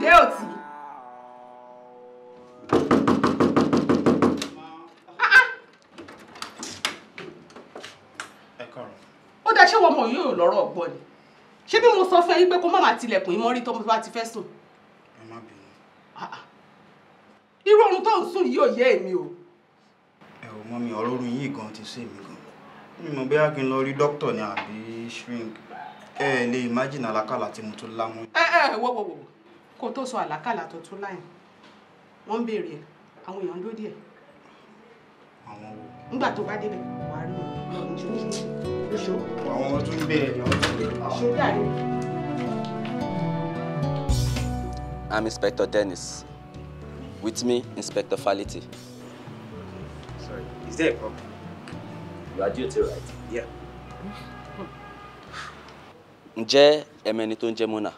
dé ṣé bí mo sọ fún ẹ yí pé kó má máa tilẹ̀kùn yín mọ́rí tó bá ti fẹ́ sùn. tó ń sùn yìí o. ẹ ò mọ mi ọ̀rọ̀ orin yìí gan ti sú gan mi mọ̀ bóyá kí lọ rí dókítà ni àbí shrink ẹ ẹ lè imagine àlákàlà tí mo tún ẹ ẹ wo wo wo kó tó sọ àlákàlà tó tún láyìn wọ́n ń béèrè àwọn èèyàn àwọn wo. nígbà tó bá débẹ̀ wà á rí wọn lọ́rùn jù àwọn ọmọ tún ń Inspector Dennis. With me, Inspector Fality. Sorry, is there a problem? You are duty, right? Yeah. Ǹjẹ́ ẹ mọ ẹni tó ń Mona?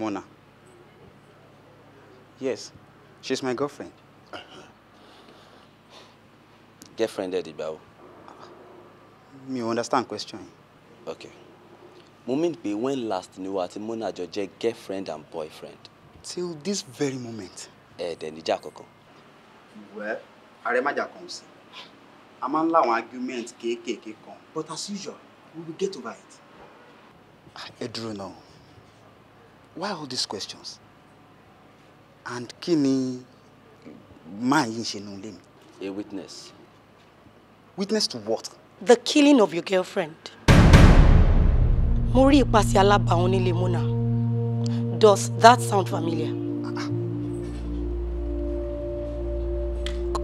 Mona? Yes, she's my girlfriend. Girlfriend Eddie dìgbà o. understand question Okay. Moment mean when last ni wà àti Mona jọ jẹ́ girlfriend and boyfriend? till this very moment. ẹ dẹ̀ níjà kankan. well àrẹ̀májà kan sí a máa ń láwọn argument kéékèèké kan but as usual we will get over it. ẹ dúró náà why all these questions and kí ni máa yín ṣe nù lé mi. a witness. witness to what. the killing of your girlfriend. mo rí ipasẹ̀ alábàáhùn nílé Mona. Does that sound familiar?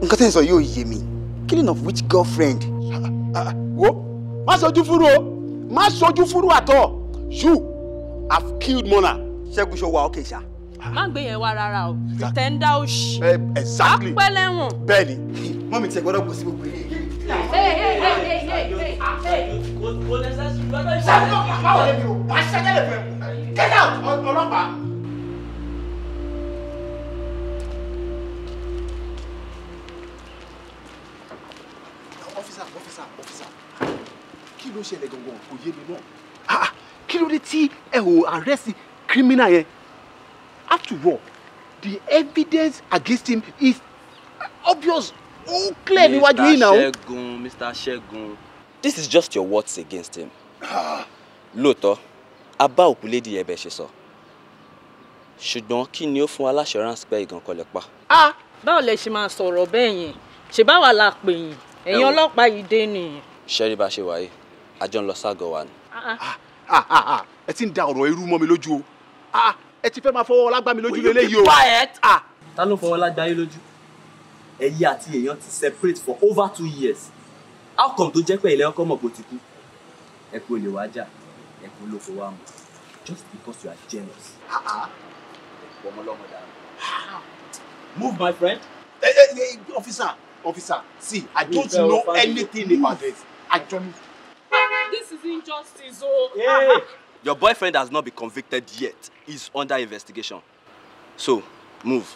Nǹkan tẹ́ ń sọ yóò yé mi. Killing of which girlfriend? Wo má ṣojú fúru o má ṣojú fúru àtọ̀ you have killed Mona. Ṣẹ́gun ṣe wà ókè ṣá. Má gbé yẹn wá rárá o. Pretender ó ṣì. Exactly. Apẹ́ lẹ́wọ̀n. Bẹ́ẹ̀ni. Mọ́mí tiẹ̀ gbọ́dọ̀ kò sí gbogbo ilé. Ṣé kò lẹ́sẹ̀ sí gbọ́dọ̀ ìṣẹ̀lẹ̀? Ṣé kò lẹ́sẹ̀ sí gbọ́dọ̀ ìṣẹ̀lẹ̀? get out ọlọ́pàá. officer officer officer kí ló ṣẹlẹ̀ gangan kò yé mi náà kí ló dé tí ẹ ò arrest criminal yẹn after all the evidence against him is obvious ó clear níwájú yìí náà. Mr. Ṣẹ́gun Mr. Ṣẹ́gun this is just your words against him lóòótọ́ a bá òkú lédi ẹ̀bẹ̀ ṣe sọ ṣùgbọ́n kí ni ó fún wa láṣọránsì pé ìgàn kọlẹ̀ pa. a báwo lẹ ṣe máa sọ̀rọ̀ bẹ́ẹ̀ yẹn ṣe bá wà la pè yín ẹ̀yin ọlọ́pàá yìí dé nìyẹn. ṣẹ́rí bá ṣe wáyé àjọ ń lọ ságọ̀ wa ni. Ah, ah, ah, ẹ ti ń da ọ̀rọ̀ irú mọ́ mi lójú o ẹ ti fẹ́ máa fọwọ́ lágbá mi lójú lélẹ́yìí o. ta ló fọwọ́ lágbá yín lójú ẹ̀yin àti èèyàn ti separate for over two years outcome tó jẹ́ pé ilé ọkọ mọ̀ kò ti kú ẹ kú olè wá ẹ̀kún ló fowó just because you are jealous. ọmọlọmọ dàrú. move my friend. Hey, hey, hey, officer officer see i don't know anything about this i don't. Ah, this is injustice o. Oh. Hey. your boyfriend has not been convicted yet he's under investigation so move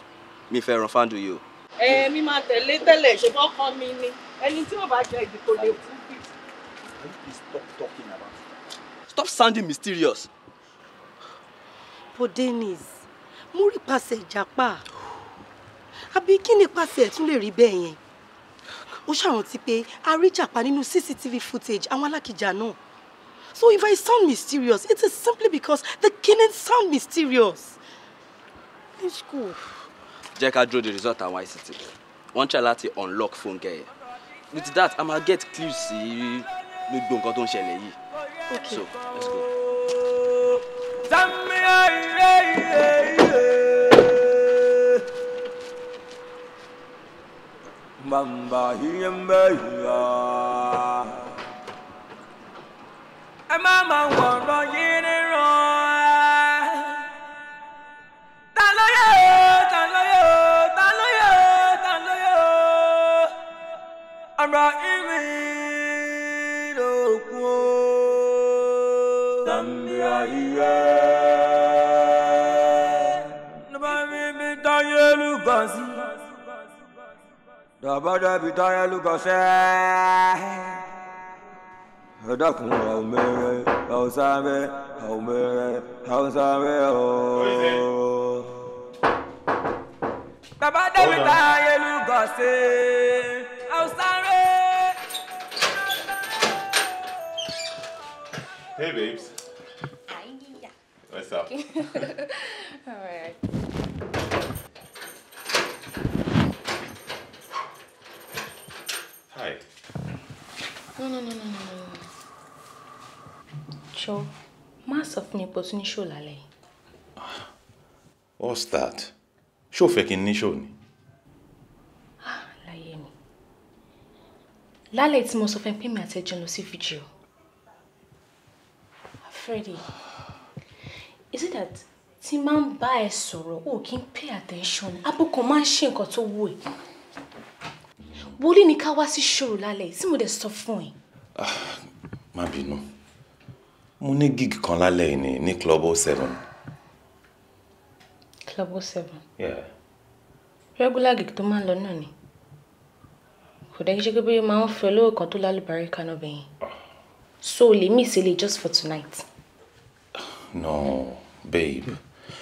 mi fẹ́ ràn fáńdù yìí o. ẹ mi máa tẹ̀lé tẹ́lẹ̀ ṣùgbọ́n ọkọ mi ni ẹni tí ò bá jẹ ìdìbò lè kú bí. Stop sounding mysterious. But Dennis, mo rí pàṣẹ ìjàpá. Àbí kí ni pàṣẹ ẹ̀ tún lè rí bẹ́ẹ̀ yẹn? Ó ṣàrántí pé a rí ìjàpá nínú CCTV footage àwọn alákìjà náà. So if I sound mysterious, it is simply because the killings sound mysterious. Let's go. Jẹ́ ká dúró the result àwọn ICT. Wọ́n try láti unlock fóònù gẹ̀ẹ́. With that, I ma get clues sí gbogbo nǹkan tó ń ṣẹlẹ̀ yìí. So, let's go. Mamba yamba ya. Mama wara yene ro. Taloyo, taloyo, taloyo, taloyo. Amra imi do kuo àríwá. Nígbà mi mi táyé lùgọ̀ sí. Dàbọ̀dọ̀ táyé lùgọ̀ Ẹ dákun àwọn mẹ́rẹ̀ Hausa mẹ́ ooo. Bàbá Dẹ́mi táyé lùgọ̀ Hey babes up. All right. Hi. No, no, no, no, no, no. Jọ, má sọ fún mi pé o tún What's that? Show fẹ́ kí show ni? Ah, mi. Lálẹ́ tí mo sọ fún ẹ pé mi àti ẹjọ́ lọ sí Freddy is it that tí máa ń bá ẹ sọ̀rọ̀ o kì í pay attention abúkọ máa ń ṣe nǹkan tó wù ẹ́ wọlé ni ká wá sí ṣòro lálẹ́ tí mo dẹ̀ sọ fún ẹ. Ah, má bínú mo ní gig kan lálẹ́ yìí ní club o oh seven. club o oh seven. Yeah. regular gig tó máa ń lọ náà ni kò dẹ́ ṣe pé máa ń fẹ́ lówó kan tó lálùbárí kan náà ah. so lè mí ìsẹ̀lẹ̀ just for tonight. no. Mm -hmm babe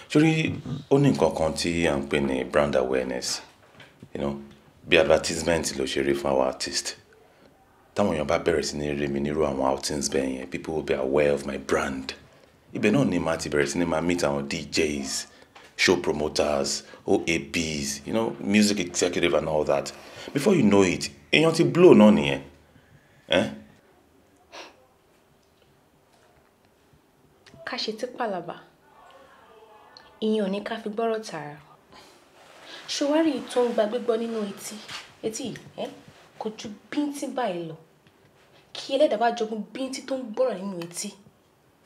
sórí ó ní nǹkan kan tí a ń pè ní brand awareness you know, bí advertisement ló ṣe rí fún àwọn artist táwọn èèyàn bá bẹ̀rẹ̀ sí ní rí mi nírú àwọn outings bẹ́ẹ̀ yẹn people will be aware of my brand ibẹ̀ náà ni màá ti bẹ̀rẹ̀ sí ní máa meet àwọn DJs show promoters OAPs you know, music executive and all that before you know it èèyàn ti blow náà nìyẹn. Eh? ká ṣe tí pàlàbà ìyẹn ò ní ká fi gbọ́rọ̀ tààrà ṣé wàá rí ìtọ́ ń gba gbígbọ́ nínú etí etí yìí ẹ́ kò ju bíntín báyìí lọ kí ẹlẹ́dàá bá jogún bíntín tó ń gbọ́rọ̀ nínú etí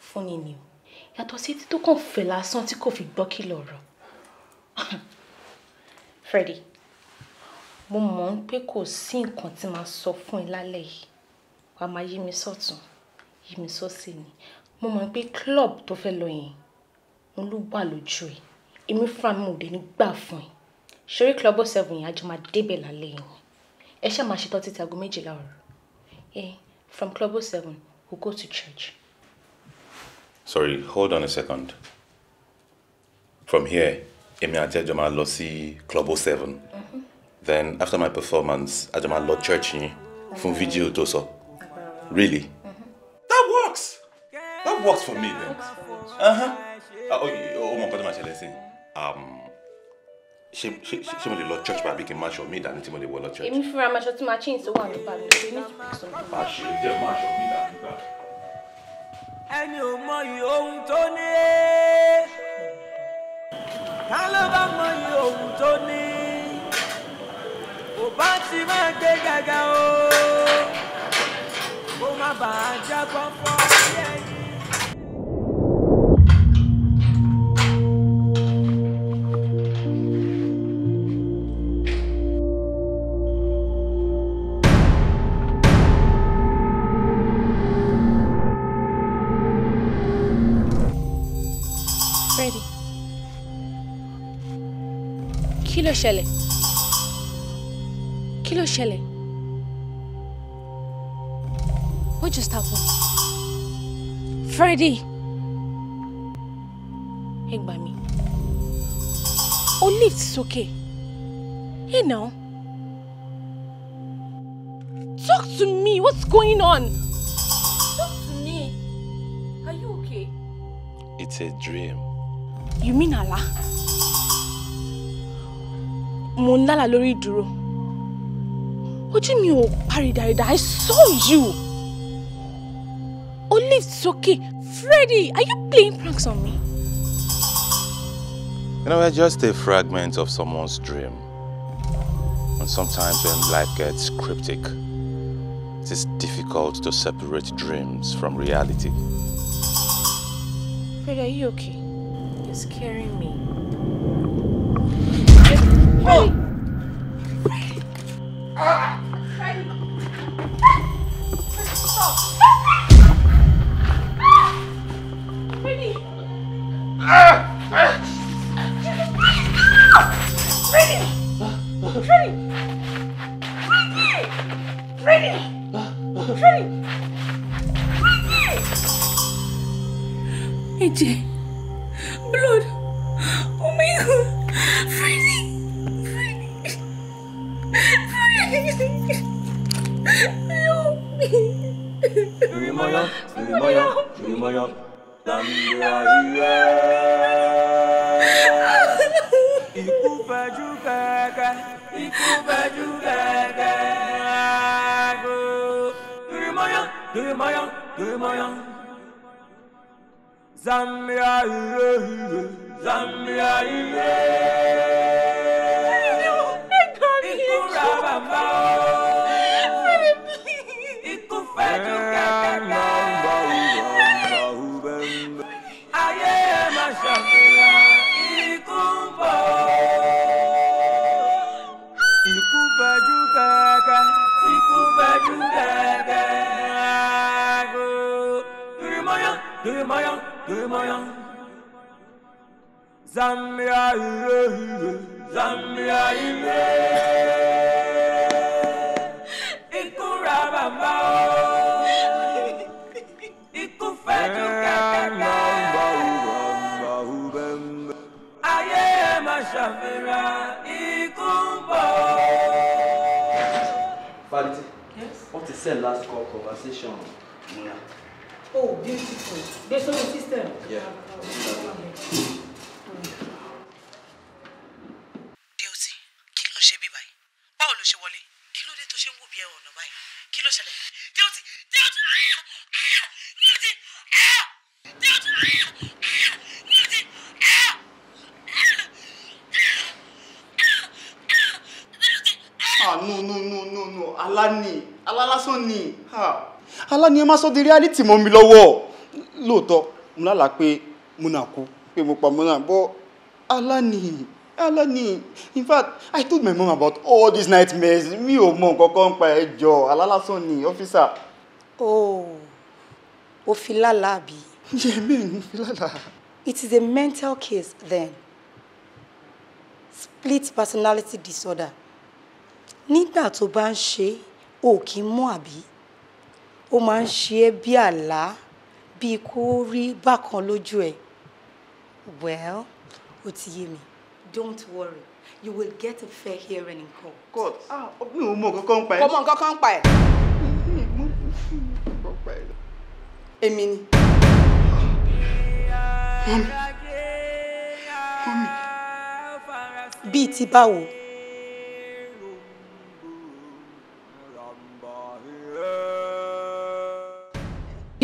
fúnni ni o yàtọ̀ sí etí tó kàn fẹ̀ lásán tí kò fi gbọ́ kìlọ̀ ọ̀rọ̀ Freddy mo mọ̀ ń pé kò sí nǹkan tí màá sọ fún ẹ lálẹ́ yìí wàá máa yí mi sọ̀tún yí mi sọ́sì ni mo mọ̀ pé club tó fẹ́ lọ yẹn òun ló wà lójú ẹ̀ èmi fúnra mi ò dé ní gbà fún ẹ ṣeré club seven yẹn àjọ máa débẹ̀ yẹn ẹ ṣáà máa ṣetán títí aago méjìlá ọ̀rọ̀ ẹ from club seven we go to church. sorry hold on a second from here èmi àti ẹjọ máa lọ sí club seven mm-hmm. then after my performance àjọ máa lọ church yẹn fún fídíò tó sọ really. Mm -hmm. that works that works for me then. Uh -huh ó ah, oh! nǹkan tó máa ṣẹlẹ̀ sí ṣé mo lè she. church bàbí kí n máa ṣọ mí ìdání tí mo lè wọ lọ church. èmi fúnra máa ṣọ tí máa change sówó àdúgbò àmì ṣe ní ìtùkùsọ. àṣírí jẹ máa ṣọ mí ìdání gbà. ẹni ò mọyì ohun tó ní ká ló bá mọyì ohun tó ní kò bá ti máa gbé gàgà o kó má bàa jábọ́ fọ́ yẹ́yẹ́. ló ṣẹlẹ̀? Kí ló ṣẹlẹ̀? What just happened? Freddy! Ẹ gbà mí. O lift sókè. Hey now. Talk to me. What's going on? Talk to me. Are you okay? It's a dream. You mean Allah? mo ń lálàá lórí ìdúró ojú ò paridàridà I saw you Olive okay. Freddy are you playing pranks on me. You know, we're just a fragment of someone's dream. And sometimes when life gets cryptic, it is difficult to separate dreams from reality. Freddy, are you okay? You're scaring me. Oh! Ah! Allah ni ẹ má sọ di reality mọ́ mi lọ́wọ́ lóòótọ́ mo pé múnà pé mo pa múnà bọ́ Allah ni in fact I told my mom about all these nightmares mi ò mọ nǹkan pa ẹjọ́ alálásán ni ọ́fíìsà. oh o fi lálàá bí. yeah man fi lálàá. it is a mental case then split personality disorder nígbà tó bá ń ṣe o kì í mú àbí ó máa ń ṣe é bí àlá bíi kó rí bákan lójú ẹ̀ well ó ti yé mi don't worry you will get a fair hearing in court. court ah mi ò mọ nǹkan kan pa ẹ. kò mọ nǹkan kan pa ẹ. èmi ni. mọ́mí mọ́mí. bíi ti báwo.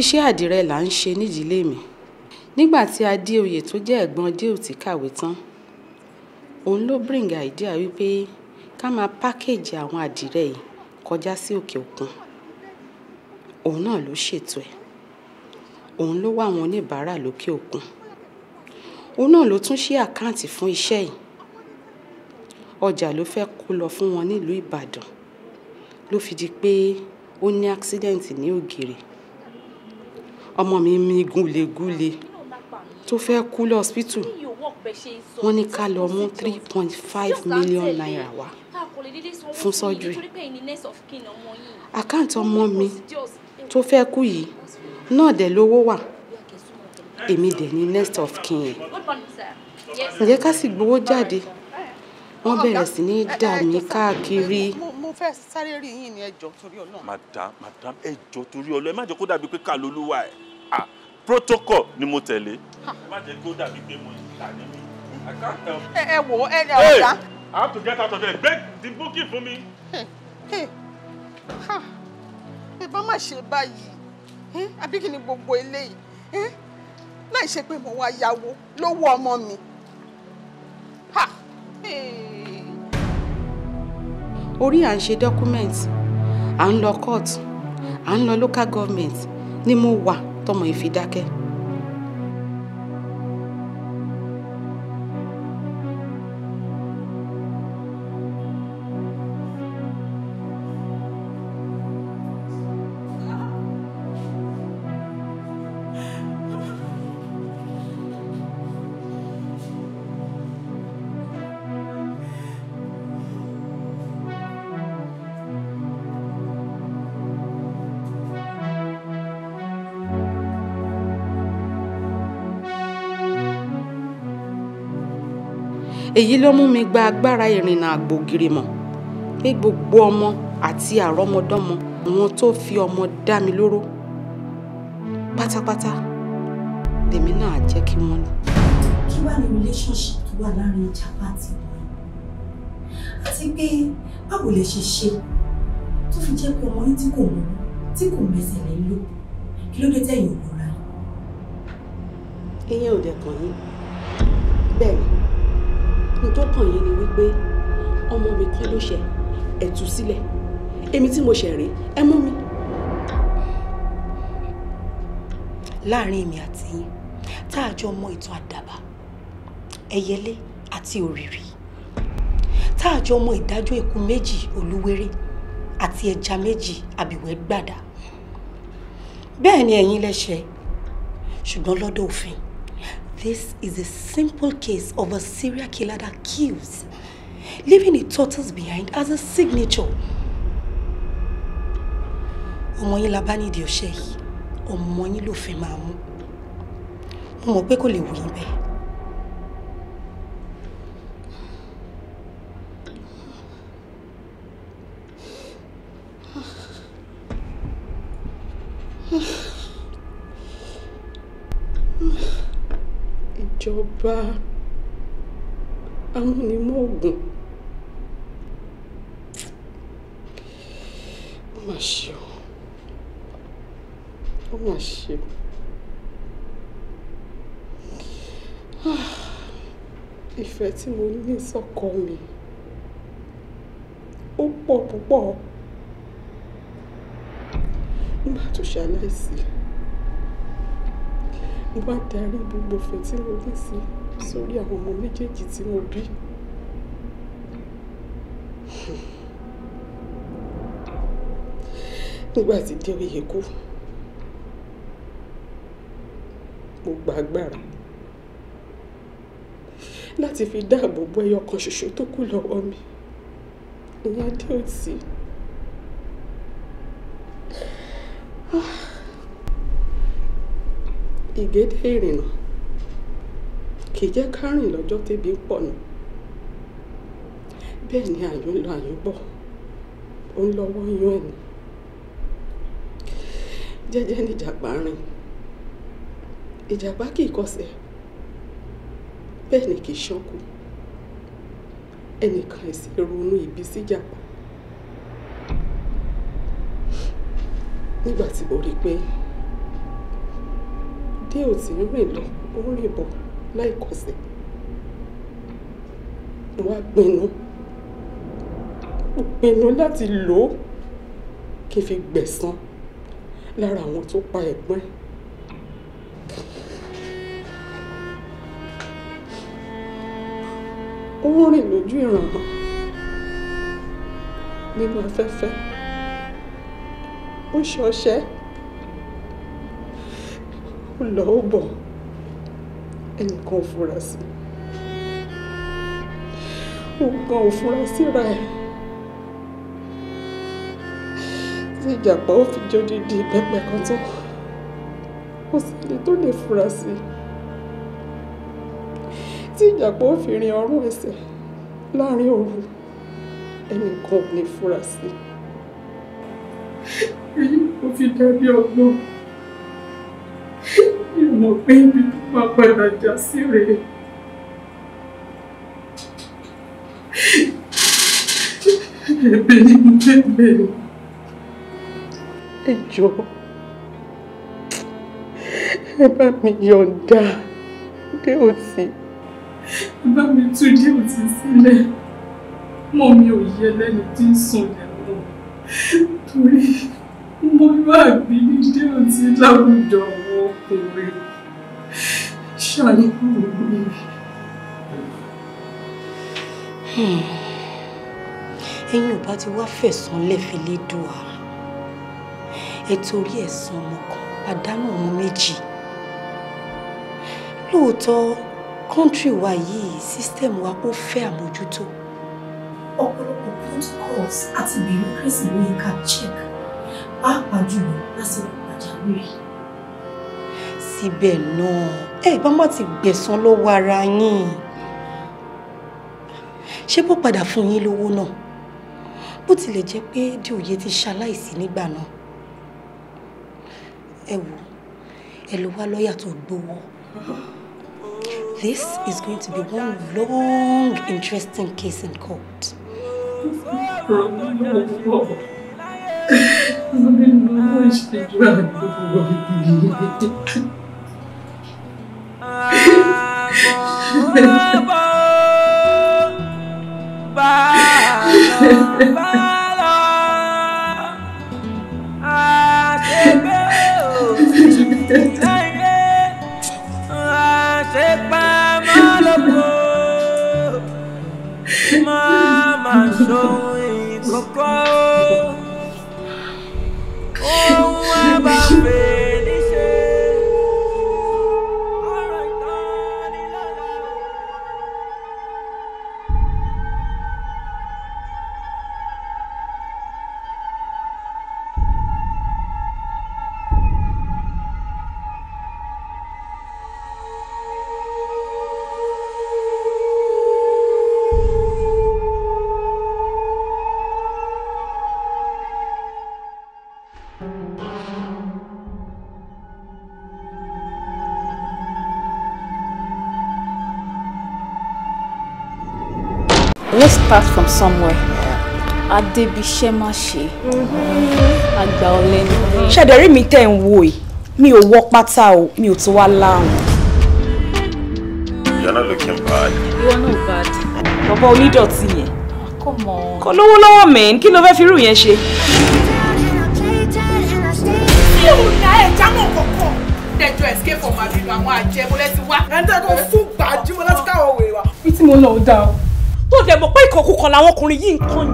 iṣẹ́ àdìrẹ là ń ṣe nídìílé mi nígbà tí adéoyè tó jẹ́ ẹ̀gbọ́n déòtí kàwé tán òun ló bring idea wípé ká máa pákéjì àwọn àdìrẹ yìí kọjá sí òkè òkun òun náà ló ṣètò ẹ̀ òun ló wá àwọn oníbàárà lókè òkun òun náà ló tún ṣí àkáǹtì fún iṣẹ́ yìí ọjà ló fẹ́ kó lọ fún wọn nílùú ìbàdàn ló fi di pé ó ní accident ní ògèrè ọmọ mi mi gúlegúle tó fẹ́ kú lọ́sítù wọ́n ní ká lọ mú three point five million naira wá fún surgery àkáǹtì ọmọ mi tó fẹ́ kú yìí náà dẹ̀ lówó wà èmi dẹ̀ ní next of kin yẹn ǹjẹ́ ká sì gbowó jáde wọ́n bẹ̀rẹ̀ sí ní dà mí káàkiri mo fẹ́ sáré rí yín ni ẹjọ́ torí ọlọ́run. madam madam ẹjọ́ torí ọlọ́run ẹ má jẹ́ kó dàbí pé ká lolúwa ẹ̀ ah protocol ni mo tẹ̀lé. ẹ má jẹ́ kó dàbí pé mo ìlà ní mi. ẹ ẹ wo ẹ ẹ ọ̀dà. I have to get out of here. break the booking fún mi. ìbá má ṣe báyìí àbí kí ni gbogbo eléyìí láì ṣe pé mo wá yáwó lówó ọmọ mi. Ha! Hey orí à ń ṣe document à ń lọ court à ń lọ local government ni mo wà tọmọ ìfi dákẹ́. èyí ló mú mi gba agbára ìrìnnà àgbògìrìmọ̀ pé gbogbo ọmọ àti àrọ́mọdọ́mọ àwọn tó fi ọmọ dá mi lóró pátápátá lèmi náà jẹ́ kí wọ́n ní. kí wàá ní relationship tó wà láàrin ìjàpá àti ìwà àti pé báwo lè ṣe ṣe tó fi jẹ́ pé ọmọ yín tí kò mú tí kò mẹsẹ̀ lè lò kí ló dé tẹ̀yìn òkúra. eyín ò dẹ̀ kàn yín bẹ́ẹ̀ tó kàn yín ni wípé ọmọ mi kọ́ ló ṣe ẹ tú sílẹ̀ èmi tí mo ṣẹ̀ rí ẹ mú mi. láàárín èmi àti yín tá a jọ mọ ìtàn àdàbà ẹyẹlé àti òrìrì tá a jọ mọ ìdájọ́ ikú méjì olúwéré àti ẹja méjì àbíwẹ́ gbàdá bẹ́ẹ̀ ni ẹ̀yin lẹ́sẹ̀ ṣùgbọ́n lọ́dọ̀ òfin This is a simple case of a serial killer that kills, leaving a tortoise behind as a signature. Ọmọ yín la bá nídìí ọṣẹ yìí, ọmọ yín ló Mo mọ̀ pé kò lè wò yín bá amúnimóògùn ó mà ṣe o ó mà ṣe o ìfẹ́ tí mo ní sọ́kọ mi ó pọ̀ púpọ̀ nígbà tó ṣe aláìsí mo bá darí gbogbo ìfẹ́ tí mo ní sí sórí àwọn ọmọ méjèèjì tí mo bí. nígbà tí déoyè kú mo gba agbára láti fi dáàbò bo ẹyọ kan ṣoṣo tó kù lọ́wọ́ mi ìyá dé òtí. Ah, ìgédé ìrìnà kì í jẹ́ ká rìn lọ́jọ́ tébi ń pọ̀ nù bẹ́ẹ̀ ni àyò ń lọ àyò bọ̀ ó ń lọ́wọ́ yún ẹ̀ ní jẹ́jẹ́ ní ìjàpá rìn ìjàpá kì í kọsẹ̀ bẹ́ẹ̀ ni kì í ṣọ́kù ẹnìkan ẹ̀sìn ronú ibi síjàpá nígbà tí mo rí i pé. Dèòtì ń rìn lọ ó ń rìn bọ̀ láìkọsẹ̀ mo wá pinnu mo pinnu láti lò ó kí n fi gbẹ̀san lára àwọn tó pa ẹ̀gbọ́n ẹ̀. ó ń rìn lójú ìrànwọ́ nínú afẹ́fẹ́ ó ṣọṣẹ́ ó lọ ó bọ̀ ẹnìkan ò fura sí nǹkan ò fura síra ẹ̀ tí ìjàpá ó fi jọ dídí ìbẹ́pẹ kan tó kò sí ẹni tó lè fura sí tí ìjàpá ó fi rin ọrùn ẹsẹ̀ láàrin òru ẹnìkan ò lè fura sí rí òfin dàbí ọgbọ́n mọ̀ pé ibi ló máa padà já sí rèé. Ẹ̀bẹ̀ ni mo fẹ́ bẹ̀rẹ̀. Ẹ jọ̀ọ́, ẹ bá mi yọ̀ǹda dé òtí. Ẹ bá mi tú dé òtí sílẹ̀. Mọ̀ mi ò yẹ lẹ́ni tí ń sùn lẹ́wọ̀n. Torí mo bá àbí dé òtí láwùjọ àwọn ọkùnrin ṣàlẹ̀ kúrò lórí rẹ̀. ẹ̀yin ò bá ti wá fẹ̀sán lẹ́fẹ̀ lédùá ẹ torí ẹ̀sán ọmọ kan àdánù ọmọ méjì lóòótọ́ kọ́ńtírì wa yìí sísítẹ́ẹ̀mù wa ó fẹ́ àmójútó ọ̀pọ̀lọpọ̀ protocols àti bureaucracy ló yẹ ká check pàápàá jùlọ lásìkò pàjáwìrì síbẹ̀ náà ẹ bá má ti gbẹ̀san lọ́wọ́ ara yín ṣé bó padà fún yín lówó náà bó tilẹ̀ jẹ́ pé dìòye ti ṣaláìsí nígbà náà ẹ wò ẹ lọ wá lọ́ọ̀yà tó gbowó this is going to be one long interesting case in court. Ọmọ mi ló ń ṣèjú àgbègbè. Bye. start from somewhere. Adébíṣẹ́ má ṣe. Mm-hmm. Àgbà ọ̀lẹ ni. Ṣẹ̀dẹ̀rí mi tẹ̀ ń wo Mi ò wọ pátá o, mi ò tún wá láàrùn. You're not looking bad. You're not bad. Bàbá onídọ̀tí yẹn. Ah, kò lówó lọ́wọ́ mẹ́rin, kí ló fẹ́ fi irú yẹn ṣe? Tí ò dá ẹ̀ jámọ̀ kọ̀ọ̀kan, tẹ̀jọ escape from abinu àwọn àjẹmọ́lẹ́sí wá. Ẹ̀ńtẹ́ kò fún gbàjúmọ́ láti káwọn wèrè wa. Bí tí mo lọ dáa tó dẹ̀ mọ̀ pé ìkọ̀kùkọ̀ làwọn ọkùnrin yìí ń kàn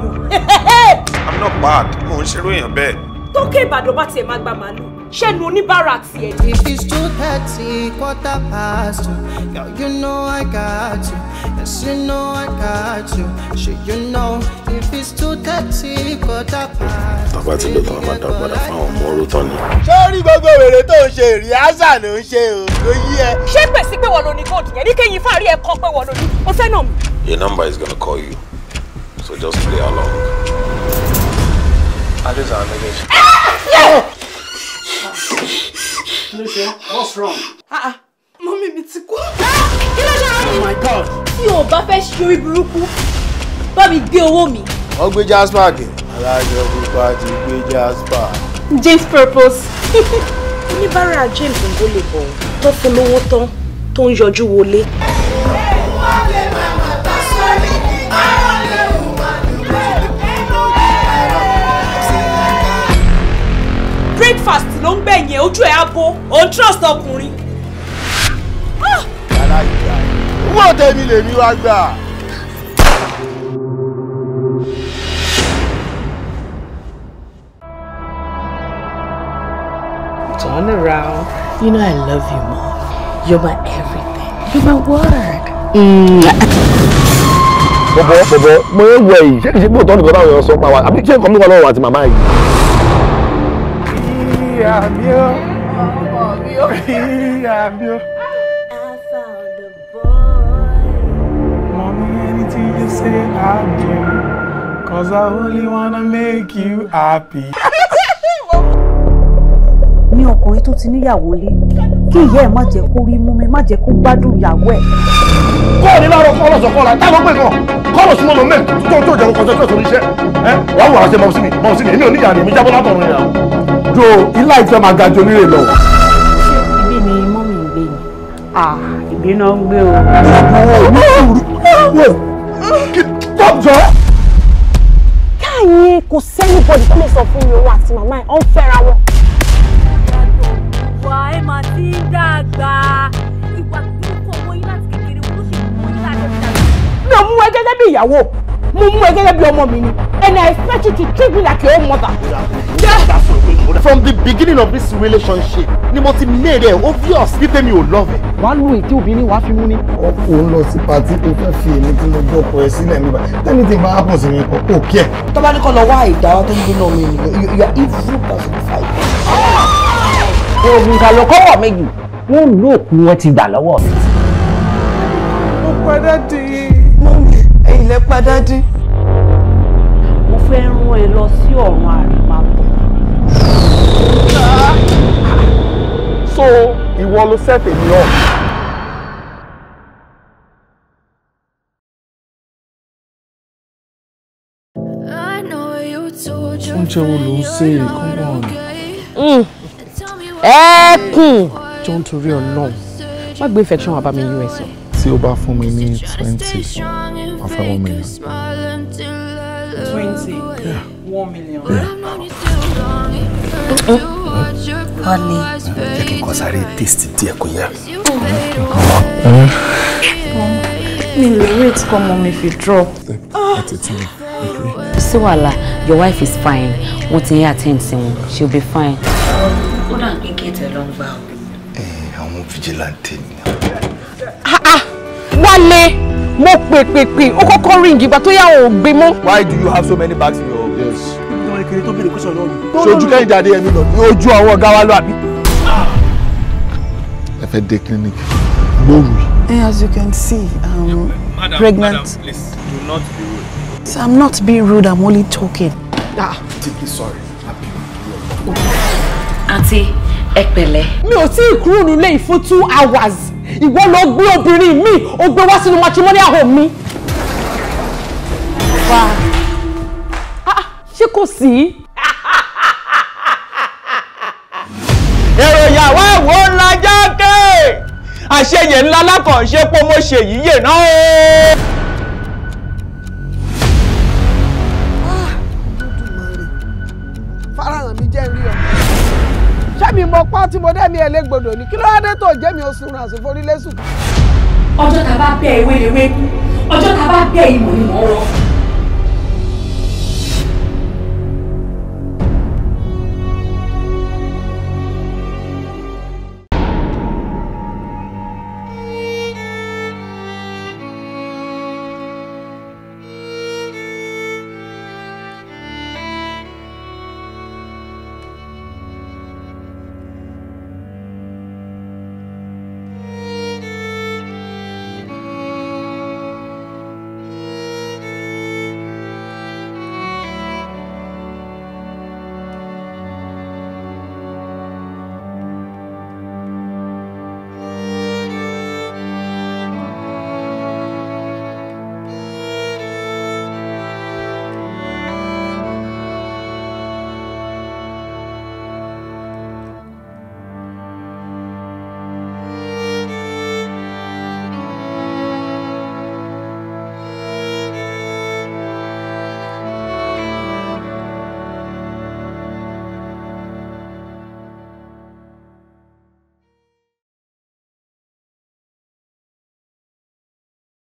yàn. I'm not bad mo ń ṣerú èèyàn bẹ́ẹ̀. tókè ìbàdàn bá tiẹ̀ máa gba màálù ṣẹ́nu oníbàárà tiẹ̀. If it's two thirty quarter past two girl you know I got you yes you know I got you ṣe you know if it's two thirty quarter past. bàbá tí ló tán a máa dá padà fáwọn ọmọ oró tán ni. sórí gbogbo wèrè tó ń ṣe ìrìásà ló ń ṣe o ló yí ẹ. ṣé pèsè pé wọn ló ní góòdù yẹn ní kéyìn fáàrí ẹ kọ pé wọn ló ní o fẹ́ nà mí. Your number is gonna call you so just play along. adé sàn méjèèjì. Kí What's wrong? Ah, ah. mommy, ti kú. Ah, kí Oh my God! Tí o bá fẹ́ ṣe orí burúkú, bá mi gbé owó mi. Wọ́n gbé Jasper dé. Alájọ pupa ti gbé Jasper. James purpose. Oníbàárà James ń bó lè bọ̀ tó fún lówó tán tó ń ló ń gbẹ̀yìn ojú ẹ̀ abo òun trust ọkùnrin. Ah! wọ́n tẹ̀mí lèmi wá gbà. Turn around. You know I love you, Mom. You're my everything. You're my world. Mm. Bọ̀bọ̀ bọ̀bọ̀ mo ń wẹ̀ yìí ṣé kìí ṣe bí òótọ́ nìkan táwọn èèyàn sọ pa wa àbí ṣé nǹkan mi wà lọ́wọ́ àti màmá yìí ìyá mi ó ìyá mi ó. Mommy, anything you say, I do. Cause I only wanna make you happy. Ní ọkùnrin tó ti níyàwó lé, kí ìyá ẹ̀ má jẹ́ kó rí mú mi, má jẹ́ kó gbádùn ìyàwó ẹ̀. Kọ́ ọ̀ ní láàárọ̀ kọ́ ọlọ́sọ̀ kọ́ ọ̀la, táwọn gbé kan, kọ́ ọ̀lọ̀ súnmọ́ lọ mẹ́rin tó tó jẹun kọjá ni sọ níṣẹ́. Wàá wàá ṣe mọ̀ sí mi, mọ̀ sí mi, èmi ò níyàá ni, mi jábọ́ látọ̀run ìyàwó jo ilá ìfẹ́ máa ga jo nílé lọ. ibi ni mọ́mì ń gbé yìí. ah ibi náà ń gbé o. tọ́jọ́. káyìn kò sẹ́yìn bọ́dì tó lè sọ fún mi òun àti màmá ẹ̀ ọ́n fẹ́ra wọn. ìyàtọ̀ wà ẹ̀ máa ti ń dàgbà ìwà tó kọ̀ wọ́n yín láti kékeré wọ́n ṣe kọ́ yín láti ẹ̀ka. mi ò mú ẹ gẹ́gẹ́ bí ìyàwó mo mú ẹ gẹ́gẹ́ bí ọmọ mi ni and I expect you to treat me like your own mother. from the beginning of this relationship ni mo ti made ẹ obvious wípé mi ò love ẹ. wàá lu ètí obìnrin wàá fi mú ni. ọkọ ń lọ sí pati tó fẹ́ fi èmi tí mo jọ ọkọ ẹ sílẹ̀ mi bá tẹ́lẹ̀ tí bá hapun sí mi kọ kò kí ẹ. tọ́ba ní kọ́ lọ wá ìdáwọ́ tó ń gbé mi nìyẹn you are evil personified. oògùn ìkàlọ́kọ́ wọ̀ méjì wọ́n lóòkù wọn ti gbà lọ́wọ́ mi. ó padà dé ẹ̀yin lẹ padà dé. mo fẹ́ rán ẹ lọ sí ọ̀run àrèmábọ̀. so ìwọ ló sẹ́tẹ̀ mi ọ̀. oúnjẹ wo ló ń ṣe ìkúnná ọ̀nà. ẹ̀ẹ́kùn. jọ ń torí ọlọ́run má gbé infection wá us. tí o bá fún mi ní twenty. I'll find one million. Twenty. Yeah. One million. Yeah. Honey. Oh. Jẹ́ kí n kọ́ sáré taste díẹ̀ kó yá. Mi lè wait come on, if fi drop. Okay. Ah. Sí wàhálà, your wife is fine. What ti ń attend She'll be fine. Ó dà pé kí ètò ẹ̀ lọ ń gbà. Eh, àwọn Ah, ni. Ah. Wálé mo pè pè pè ó kọ́kọ́ ríǹgì ìgbà tó yà ò gbé mọ́. why do you have so many bags in your. yes. ìtàn ìkèrè tó bèrè kọ́sọ̀ lọ́ọ̀lù. sojú kẹ́hìndé adéyẹmí lọ ní ojú àwọn ọ̀gá wa lọ ẹ fẹ́ dé clinic lóru. Eh, as you can see i'm um, no, pregnant. madam please do not be rude. so i'm not being rude i'm only talking. ah deeply sorry happy with you. àǹtí ẹ pẹ̀lẹ́. mi ò tí ì kúrò nílé yìí two hours ìwọ ló gbé obìnrin mi ó gbé wá sínú matrimonial home mi. wá ah, ṣé kò sí. èrò ìyàwó àwo ńlá jákè àṣeyẹ ńlá lákànṣe pé mo ṣèyíyè náà. mo pọ́n tí mo dẹ́mi ẹlẹ́gbọ̀dọ̀ ni kí ló wá dé tó jẹ́ mi oṣù ràn àṣùfò orílẹ̀ sùn. ọjọ́ ta bá bẹ ewé ewé ọjọ́ ta bá bẹ ìmọ̀ ìmọ̀ rọ.